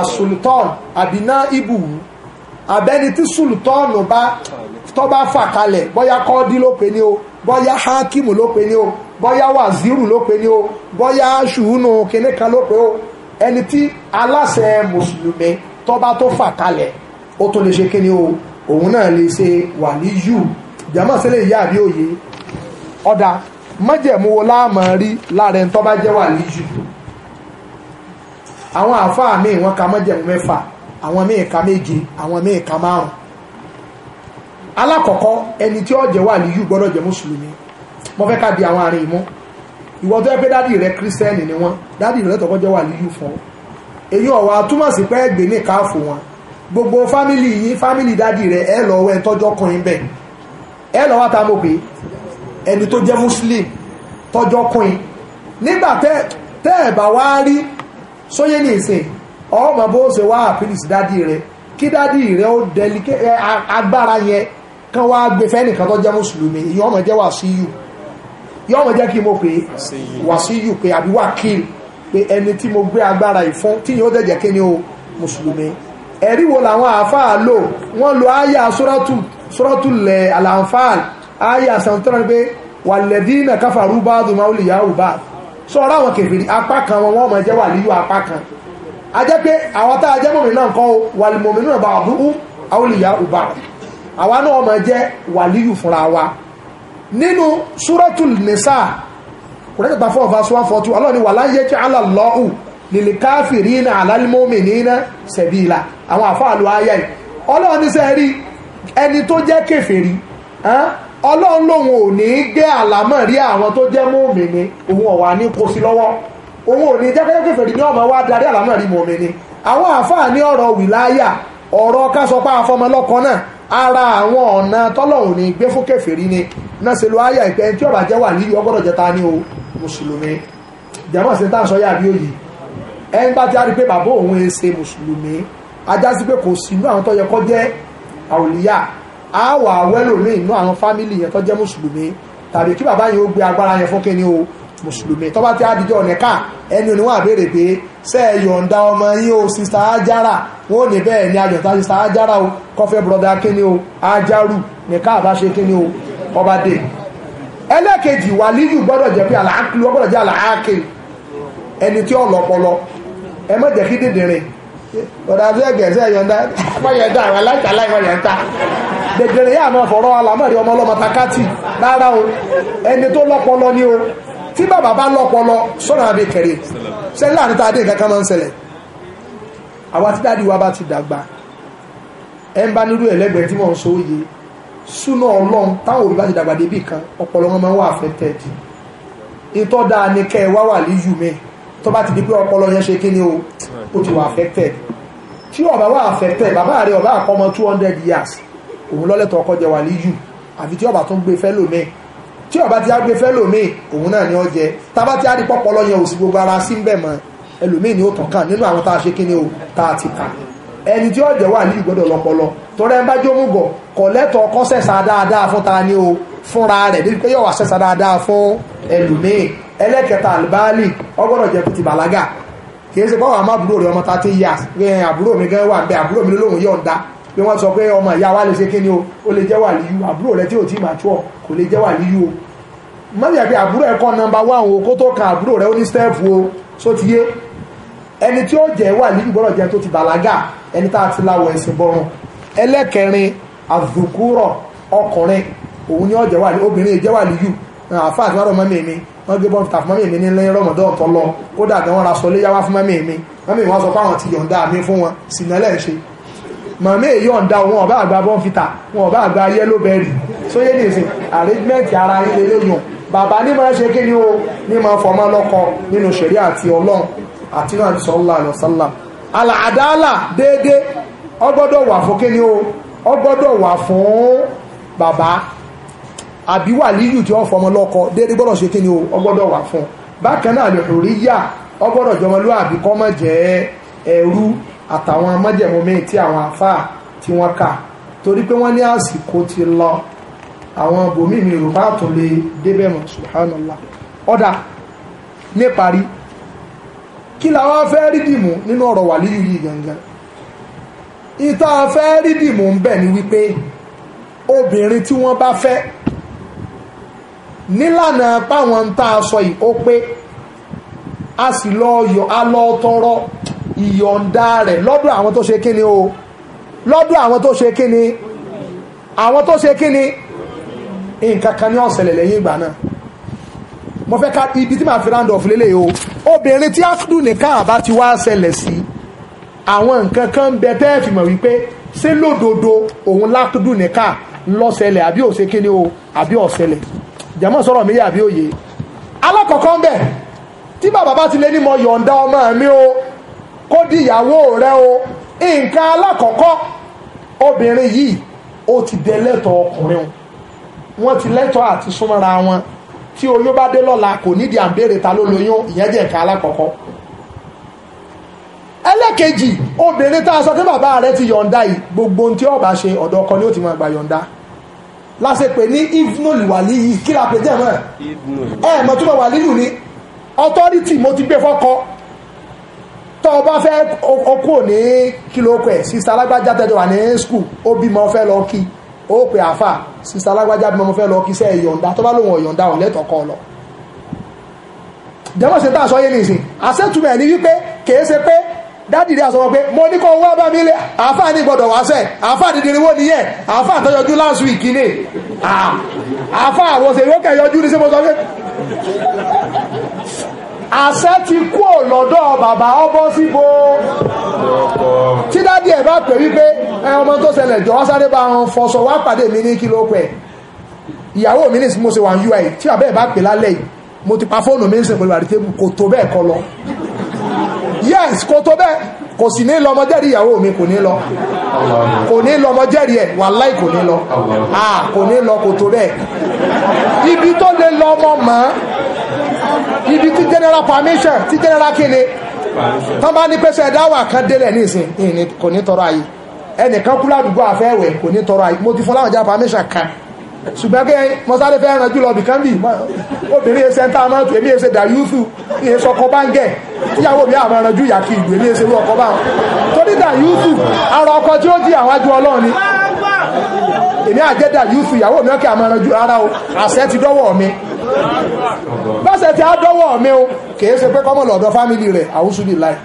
àsùlùtọ́n àbíná ibùwù àbẹ́ni tí sùlùtọ́ọ̀nù bá tọ́ bá fà kalẹ̀ bọ́yá kọ́ọ́dí ló pe ní o bọ́yá hákìmù ló pe ní o bọ́yá wàzírù ló pe ní o bọ́yá ṣùhùnù kinní kan ló pe o ẹni tí aláṣẹ mùsùlùmí tọ́ bá tó fà kalẹ̀ ó tó lè ṣe kinní o òun náà lè ṣe wàlíyù jàmọ́ sílẹ̀ ìyá àbí òye ọ̀dà májẹ̀mú wo rí lára tọ́ bá jẹ́ wàlíyù àwọn àfáà míì wọ́n ka májẹ̀mú mẹ́fà àwọn míì ka méje àwọn míì ka márùn alákọ̀ọ́kọ́ ẹni tí ó jẹ́ wàlíyù gbọ́dọ̀ jẹ́ mùsùlùmí mo fẹ́ ká di àwọn àárín ìmú ìwọ tó yẹ pé dádì rẹ kírísítẹ́nì ni wọ́n dádì rẹ tọ́kọ́ jẹ́ wàlíyù fún ọ èyí ọ̀wà túmọ̀ sí pé ẹgbẹ́ ní káàfù wọn gbogbo fámìlì yín fámìlì dádì rẹ ẹ lọ wẹ tọ́jọ́ kan yín bẹ́ẹ̀ ẹ lọ ta mo pé ẹni tó jẹ́ muslim tọ́jọ́ kan yín nígbà tẹ́ ẹ bá wá rí sóyè ní ìsìn ọmọ bó ṣe wá àpílì sí dádì rẹ kí dádì rẹ ó dẹlíkẹ agbára yẹn kan wá gbé fẹ́nìkan tó jẹ́ mùsùlùmí ìyọ́ ọmọ jẹ́ wàsíyù yọ́ ọmọ jẹ́ kí mo pè wàsíyù pé àbí wákìlì pé ẹni tí mo gbé agbára ìfún tí yóò dẹ̀jẹ̀ kí ni o mùsùlùmí ẹ̀rí wo làwọn àáfàá lò wọ́n lo àyà sọ́rọ́tùlẹ̀ àlàǹfààl àyà sàǹtọ́rọ̀ pé wàlẹ̀dínà káfàrú bá dùn máa ó lè yá ò bá sọ́ra àwọn kèfèrè apá kan wọn wọ́n mọ̀ jẹ́ wàlíyù apá kan a jẹ́ pé àwọn tá a jẹ́ mọ̀mí náà kọ́ wàlì mọ̀mí náà bá àbúrú àwòlìyá ọba àwa náà máa jẹ́ wàlíyù fúnra wa nínú súrọ́tùl nìsà kùrẹ́tì pa fọ́ọ̀fà sọ́wọ́ fọ́tù ọlọ́ni wà láyé tí alàlọ́hù lílì káfìrí ní alálímọ́mì nínú sẹ̀bíìlà àwọn àfáàlù ayá yìí ọlọ́ni sẹ́rí ẹni ọlọ́run lòun ò ní gé àlámọ̀ rí àwọn tó jẹ́ mọ́mì ní òun ọ̀wà ní kò sí lọ́wọ́ òun ò ní jẹ́kẹ́jẹ́ fèrè ní ọmọ wa darí àlámọ̀ rí mọ̀mí ni àwọn àfáà ní ọ̀rọ̀ wìláyà ọ̀rọ̀ kásọpá afọmọlọ́kọ náà ara àwọn ọ̀nà tọ́lọ̀hùn ní gbé fún kẹfìrí ni náà ṣe lo àyà ìpẹ́ tí ọ̀bà jẹ́ wà lílì ọgọ́dọ̀ jẹta ní o mùsùlùmí jẹ́mọ̀ sí táà sọ́yà bí òyì ẹni bá ti rí pé bàbá òun ń ṣe mùsùlùmí ajá sí pé kò sí inú àwọn tó yẹ kọ́ jẹ́ àwòlíyà á wà wẹ́lò inú àwọn fámìlì yẹn tó jẹ́ mùsùlùmí tàbí kí bàbá yẹn ó gbé agbára yẹn fún kíni o mùsùlùmí tó bá ti àdìjọ ọ̀nẹ́ká ẹni oníwà béèrè pé ṣé ẹ yọ̀ǹda ọmọ yín o sista ajára wọn ò ní bẹ́ẹ̀ ni ayọ̀ǹda sista ajára o kọfẹ́ brọ̀dá kíní o ajáru nìka àbáṣe kíní o ọba dé ẹlẹ́kejì wàlíyù gbọ́dọ̀ jẹ́ pé àlàákìlú gbọ́dọ̀ jẹ́ àlàákìlú ẹni tí ó lọ́pọlọ ẹ má jẹ́ kí dèdèrìn ọ̀dà tó ẹ̀gẹ̀ sí ẹ̀yọ̀ǹda ẹ̀yọ̀ǹda àwọn aláìsàlá ìwọ̀nyọ̀ǹda dèdèrìn yà máa fọ̀rọ̀ alámọ̀rí ọmọ ọlọ́mọ takátì rárá o ẹni tó lọ́pọlọ ni o tí bàbá bá lọ́pọlọ sọ́nà àbí kẹrẹ ṣẹlẹ̀ láàrin tá a dé nǹkan kan máa ń ṣẹlẹ̀ àwa tí dáàdi wa bá ti dàgbà ẹ ń bá nírú ẹlẹgbẹẹ tí wọn ń sóye súná Ọlọ́run táwọn òbí bá ti dàgbà débì kan ọpọlọ wọn máa ń wà affected ìtọ́ dáa ni kẹ́ ẹ wá wà líyù mi tó bá ti di pé ọpọlọ yẹn ṣe kíni o ó ti wà affected tí ọba wà affected bàbá rẹ ọba àkọmọ two hundred years òun lọ́lẹ́tọ̀ ọkọ jẹ wà líyù àfi tí ọba tó ń gbé fẹ́ lómi tí ọba ti agbe fẹ́ lòmíì òun náà ni ọ jẹ tábà tí a rí pọ́pọ́ òsì gbogbo ara sí ń mọ ẹlòmíì ni ó tàn kàn nínú àwọn tá a ṣe kí ni o tá a ti kà ẹni tí ọ̀jẹ̀ wà ní ìgbọdọ lọ́pọlọ torí ẹ bá o fúnra débi pé yóò wá dáadáa fún ẹlòmíì àlùbáàlì bàlágà kì í ṣe àbúrò ọmọ pé wọ́n sọ pé ọmọ ìyá wa lè ṣe kíni o ó lè jẹ́ wà líyú àbúrò rẹ tí ò tí máa tó ọ kò lè jẹ́ wà o mọ́bíyà pé àbúrò ẹ̀kọ́ nọmba wán o kó tó kan àbúrò rẹ ó ní stẹ́ẹ̀fù o só ti yé ẹni tí ó jẹ́ wà líyú gbọ́dọ̀ jẹ́ tó ti bàlágà ẹni tá a ti láwọ̀ ẹ̀sìn bọ́rùn ẹlẹ́kẹrin àzùkúrọ̀ ọkùnrin òun ni ó jẹ́ wà líyú obìnrin jẹ́ wà líyú àfáà tí wọ́n rọ̀ mọ́mí mi fún mọ́mí mi ní lẹ́yìn rọ̀mọ̀dọ́ ọ̀tọ̀ lọ kódà gan wọn ra sọ léyàwá fún mọ́mí mi mọ́mí wọn sọ pé àwọn ti yọ̀ǹda mi fún wọn sì nálẹ̀ ṣe màmá èyọ̀ ń da wọn ọ̀bá àgbà bọ́ǹfìtà wọn ọ̀bá àgbà yẹ́lò bẹ́ẹ̀rì sóyè nìsín àrẹ́gbẹ́ǹtì ara ilé lóyún bàbá ní máa ṣe kí ni o ní máa fọmọ lọ́kọ nínú ṣẹ̀rí àti ọlọ́run àti náà sọ́lá àlọ́sálà àlàádáàlà déédéé ó gbọ́dọ̀ wà fún kí ni o ó gbọ́dọ̀ wà fún bàbá àbí wàlíyù tí wọ́n fọmọ lọ́kọ déédéé gbọ́dọ̀ ṣe kí ni o ó gbọ́dọ̀ wà fún bákan náà lè rí yà ó gbọ́dọ̀ jọmọlúwàbí kọ́mọ̀ jẹ́ ẹrú àtàwọn májẹ̀mú míì tí àwọn àfáà tí wọ́n kà torí pé wọ́n ní àsìkò ti lọ àwọn bòmí mi rò bá tún lè débẹ̀ mọ̀ subhanallah ọ̀dà níparí kí la wá fẹ́ rí dìmú nínú ọ̀rọ̀ wàlíyù yìí gangan ìta fẹ́ rí dìmú ń bẹ̀ ni wípé obìnrin tí wọ́n bá fẹ́ nílànà páwọn ń tá sọ yìí ó pé a sì lọ yọ a lọ tọrọ ìyọ̀ǹda rẹ̀ lọ́dọ̀ àwọn tó ṣe kíni o lọ́dọ̀ àwọn tó ṣe kíni àwọn tó ṣe kíni nǹkan kan ní ọ̀sẹ̀lẹ̀ lẹ́yìn ìgbà náà mo fẹ́ ká ibi tí màá fi round off lélẹ̀ o obìnrin tí ákùdù nìkan àbá ti wá ṣẹlẹ̀ sí àwọn nǹkan kan ń bẹ tẹ́ẹ̀fì mọ̀ wípé ṣé lódodo òun lákùdù nìkan lọ́sẹlẹ̀ àbí òṣè kíni o àbí ọ̀sẹlẹ̀ jàmọ́ sọ̀rọ̀ mi yà àbí òye alákọ̀ọ́kọ́ ń bẹ tí bàbá bá ti lé ní mo yọ̀ǹda ọmọ mi o kó di ìyàwó rẹ o nǹkan alákọ̀ọ́kọ́ obìnrin yìí ó ti dẹ lẹ́tọ̀ọ́ ọkùnrin wọn ti lẹ́tọ̀ọ́ àti súnmọ́ra wọn tí oyún bá dé lọ́la kò nídìí à ń béèrè ta ló lóyún ìyẹn jẹ́ nǹkan alákọ̀ọ́kọ́ ẹlẹ́kejì obìnrin tá a sọ pé bàbá rẹ ti yọ̀ǹda yìí gbogbo ohun tí ọba ṣe ọ̀dọ̀ ọkọ ni ó ti máa gbà yọ̀ǹda lásìpè ní ibnul waliyi kí la pè jẹ́ mọ́ ẹ̀ mọ̀ tó bá wà lílù ní ọtọ́rìtì mo ti gbé fọ́kọ tọ́ ọ bá fẹ́ ọkọ̀ ní kìlókọ̀ ẹ̀ sísá alágbájá tẹ́jọ wà ní skul ó bímọ fẹ́ lọ kí ó pè àfà sísá alágbájá bímọ fẹ́ lọ kí sẹ́ ìyọ̀ǹda tó bá lòun ọ̀yọ̀ǹda ọ̀ lẹ́tọ̀ọ́ lọ. jẹ́mọ̀ ṣe tá yé ní àṣẹ́tùmẹ̀ ni wípé kèé ṣe pé dáàdì rẹ̀ sọ pé mo ní kó wá bá mi lé àfà ní gbọ́dọ̀ wá sẹ́ àfà dídìrí wo nìyẹn àfà àtọ́jọjú last week ni àfà àwọn òṣèré yọjú ní sí mo sọ pé àṣẹ ti kú ò lọ́dọ̀ bàbá ọbọ̀ síbo tí dádì ẹ̀ bá pè wípé ẹ ọmọ tó ṣẹlẹ̀ jọ wá sáré bá wọn fọṣọ wá pàdé mi ní kìlọ̀ pẹ̀ ìyàwó mi ní mo ṣe wà ní ui tí bàbá ẹ̀ bá pè lálẹ́ yìí mo ti pa fóònù mi ń sè mo lè wà ní tébù kò tó bẹ́ẹ̀ kọ lọ yes kò tó bẹ́ẹ̀ kò sì ní lọmọ jẹ́rìí ìyàwó mi kò ní lọ kò ní lọmọ jẹ́rìí ẹ̀ wàláì kò ní lọ ah, kò ní lọ kò tó bẹ́ẹ̀ ibi tó lè lọmọ mọ́ ibi tí general permission tí general kéde tán bá ní pẹ́sẹ̀ dáwà kan délẹ̀ ní ìsìn kò ní tọrọ ayé ẹnìkan kú ládùúgbò àfẹ́wẹ̀ kò ní tọrọ ayé mo ti fún láwọn jẹ́ permission kan ṣùgbọ́n kí mọ́sálẹ́ fẹ́ ràn jùlọ bìkan bì obìnrin ẹsẹ̀ ń tá a máa tù èmi ẹsẹ̀ dàyúùsù ìyẹn sọkọ bá ń gẹ̀ tíyàwó mi àwọn arànjú ìyà kí ìlú èmi ẹsẹ̀ ló ọkọ bá wọn torí dàyúùsù ara ọkọ tí ó di àwájú ọlọ́run ni èmi àjẹ́dà yúùsù ìyàwó mi ọkẹ́ àmọ́ ẹranjú rárá o àṣẹ ti dọ́wọ́ mi bọ́sẹ̀ ti á dọ́wọ́ mi o kìí ṣe pé kọ́mọ̀ lọ́dọ̀ fámìlì rẹ̀ àwùsù bíi láì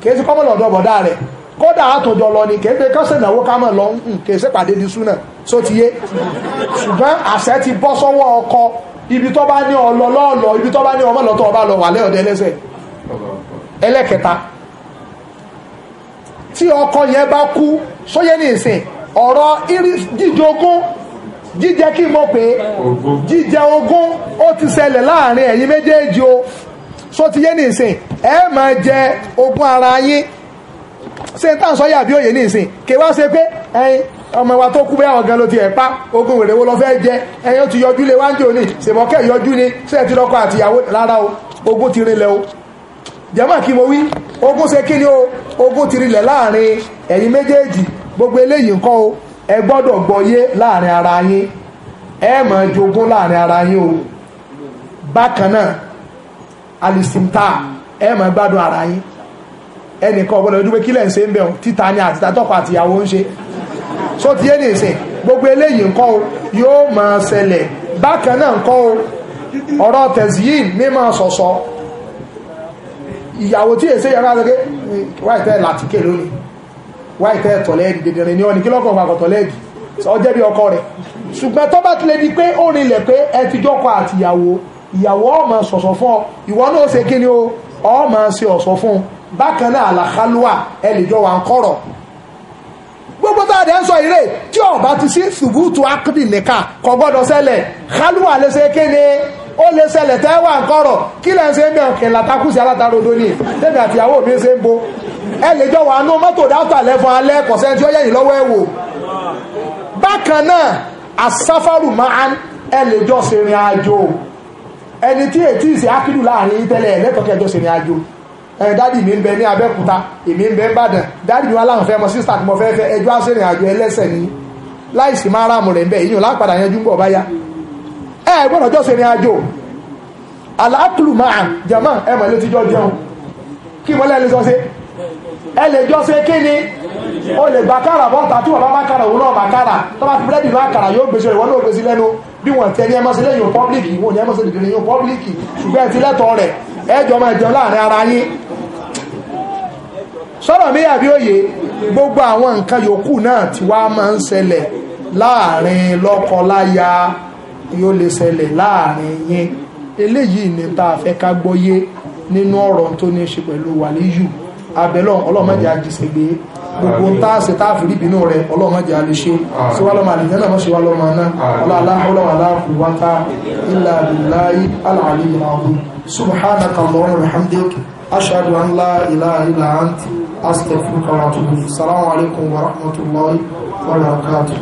kìí ṣe kọ́mọ̀ lọ́dọ̀ bọ̀dá rẹ̀ kódà àtòjọ lọ ni kìí ṣe kọ́sẹ̀ ìnáwó ká mọ̀ lọ hmm, kìí ṣe pàdé di súnà só ti yé ṣùgbọ́n àṣẹ ti bọ́ sọ́wọ́ ọkọ ibi tó bá ní ọlọ lọ́ọ̀lọ́ ibi tó bá ní ọmọ lọ́tọ̀ ọba lọ wà lẹ́ọ̀dẹ́ ẹlẹ́sẹ̀ ẹlẹ́kẹta tí ọkọ yẹn bá kú sóyẹ́ ní ìsìn ọ̀rọ̀ jíjẹ ogún jíjẹ kí mo pè é jíjẹ ogún ó ti ṣẹlẹ̀ láàrin ẹ̀yin méjèèjì o so ti yé nìsín ẹ máa jẹ ogún ara yín ṣé n tàn sọ yàbí òye nìsín kì wá ṣe pé ẹyin ọmọ wa tó kú bẹ́ẹ̀ ọ̀gán ló ti ẹ̀ pa ogún wèrè wo lọ fẹ́ jẹ ẹyin ó ti yọjú lé wáńjẹ òní ṣèmọ́kẹ́ yọjú ni ṣé ẹ ti lọ́kọ àtìyàwó rárá o ogún ti rinlẹ̀ o jẹ́mọ̀ kí mo wí ogún ṣe kí ni o ogún ti rinlẹ̀ láàrin ẹ̀yin méjèèjì gbogbo eléyìí nǹkan o ẹ gbọ́dọ̀ gbọ́yé láàrin ara yín ẹ máa jogún láàrin ara yín o bákan náà alisimta ẹ máa gbádùn ara yín ẹnìkan ọ̀gbọ́dọ̀ ojú pé kílẹ̀ ń ṣe ń bẹ̀rùn títa ni àti tàtọ́kọ̀ àtìyàwó ń ṣe so ti yé ní ìsìn gbogbo eléyìí nǹkan o yóò máa ṣẹlẹ̀ bákan náà nǹkan o ọ̀rọ̀ tẹ̀síyìn mímọ̀ sọ̀sọ̀ ìyàwó tí èsè yẹn máa ṣe ké wáyé tẹ́ làtìkè lónìí wáyé tẹ́ tọ̀lẹ́ẹ̀dì dẹ̀dẹ̀rẹ̀ ní ọ̀nì kí lọ́kọ̀ ọ̀gbà tọ̀lẹ́ẹ̀dì sọ jẹ́ bí ọkọ rẹ̀ ṣùgbọ́n tó bá tilẹ̀ di pé ó rinlẹ̀ pé ẹ ti jọ́kọ àtìyàwó ìyàwó ọmọ sọ̀sọ̀ fún ọ ìwọ náà ṣe kí ni o ọmọ ṣe ọ̀sọ̀ fún bákan náà àlàkálùwà ẹ lè jọ wà ń kọ̀rọ̀ gbogbo tá a dẹ̀ ń sọ ìrè tí ọba ti sí ṣùgbùtù akídì nìka kò gbọ́dọ̀ ṣẹlẹ̀ kálùwà lè ṣe kéde ó lè ṣẹlẹ̀ tẹ́ wà ń kọ̀rọ̀ kí lẹ́ ń ṣe ń bẹ̀ òkè làtàkùsí alátarodo ni tẹ́mi àtìyàwó mi ṣe ń bo ẹ lè jọ wà nú mọ́tò dáfà lẹ́fọn alẹ́ kọ̀sẹ́ tí ó yẹ̀yìn lọ́wọ́ ẹ̀ wò bákan náà asáfárù máa ń ẹ lè jọ ṣèrìn àjò ẹni tí ètí ìṣe ákìlù láàrin tẹ́lẹ̀ lẹ́tọ̀ọ́kẹ́ jọ ṣèrìn àjò dádì mi ń bẹ ní abẹ́òkúta èmi ń bẹ ń bàdàn dádì mi wá láwọn fẹ́ mọ sísà tí mo fẹ́ fẹ́ ẹjọ́ àṣẹ̀rìn àjò ẹlẹ́sẹ̀ ni láìsí máa ráàmù rẹ̀ ń bẹ ìyún lápàdà yẹn júbọ̀ báyá ẹ gbọ́dọ̀ jọ ṣe ìrìn àjò aláàkùlù máa jẹ̀mọ́ ẹ mọ̀ ló ti jọ jẹun kí wọ́n lẹ́nu sọ sí ẹ lè jọ ṣe kí ni o lè gba kára bọ́ta tí wọ́n bá má kára òun náà má kára tó bá fi búrẹ́dì má kára yóò gbèsè ìwọ́n náà gbèsè lẹ́nu bí wọ́n tẹ́ ní ti lẹ́tọ̀ọ́ rẹ̀ ẹ jọ máa jẹun láàrin ara mi àbí òye gbogbo àwọn nǹkan ti wá máa ń ṣẹlẹ̀ láàrin yóò lè ṣẹlẹ̀ láàrin yín eléyìí ni tá a fẹ́ ká gbọ́yé nínú ọ̀rọ̀ tó ní ṣe pẹ̀lú wàlíyù abẹ́lọ́ ọlọ́mọdé àjẹsẹ̀gbé gbogbo ń tá a ṣe táàfì rí ìbínú rẹ ọlọ́mọdé àlè ṣe síwá lọ́mọ àlè náà ṣe wá lọ́mọ náà ọlọ́lá ọlọ́wà láàfù wáta ilà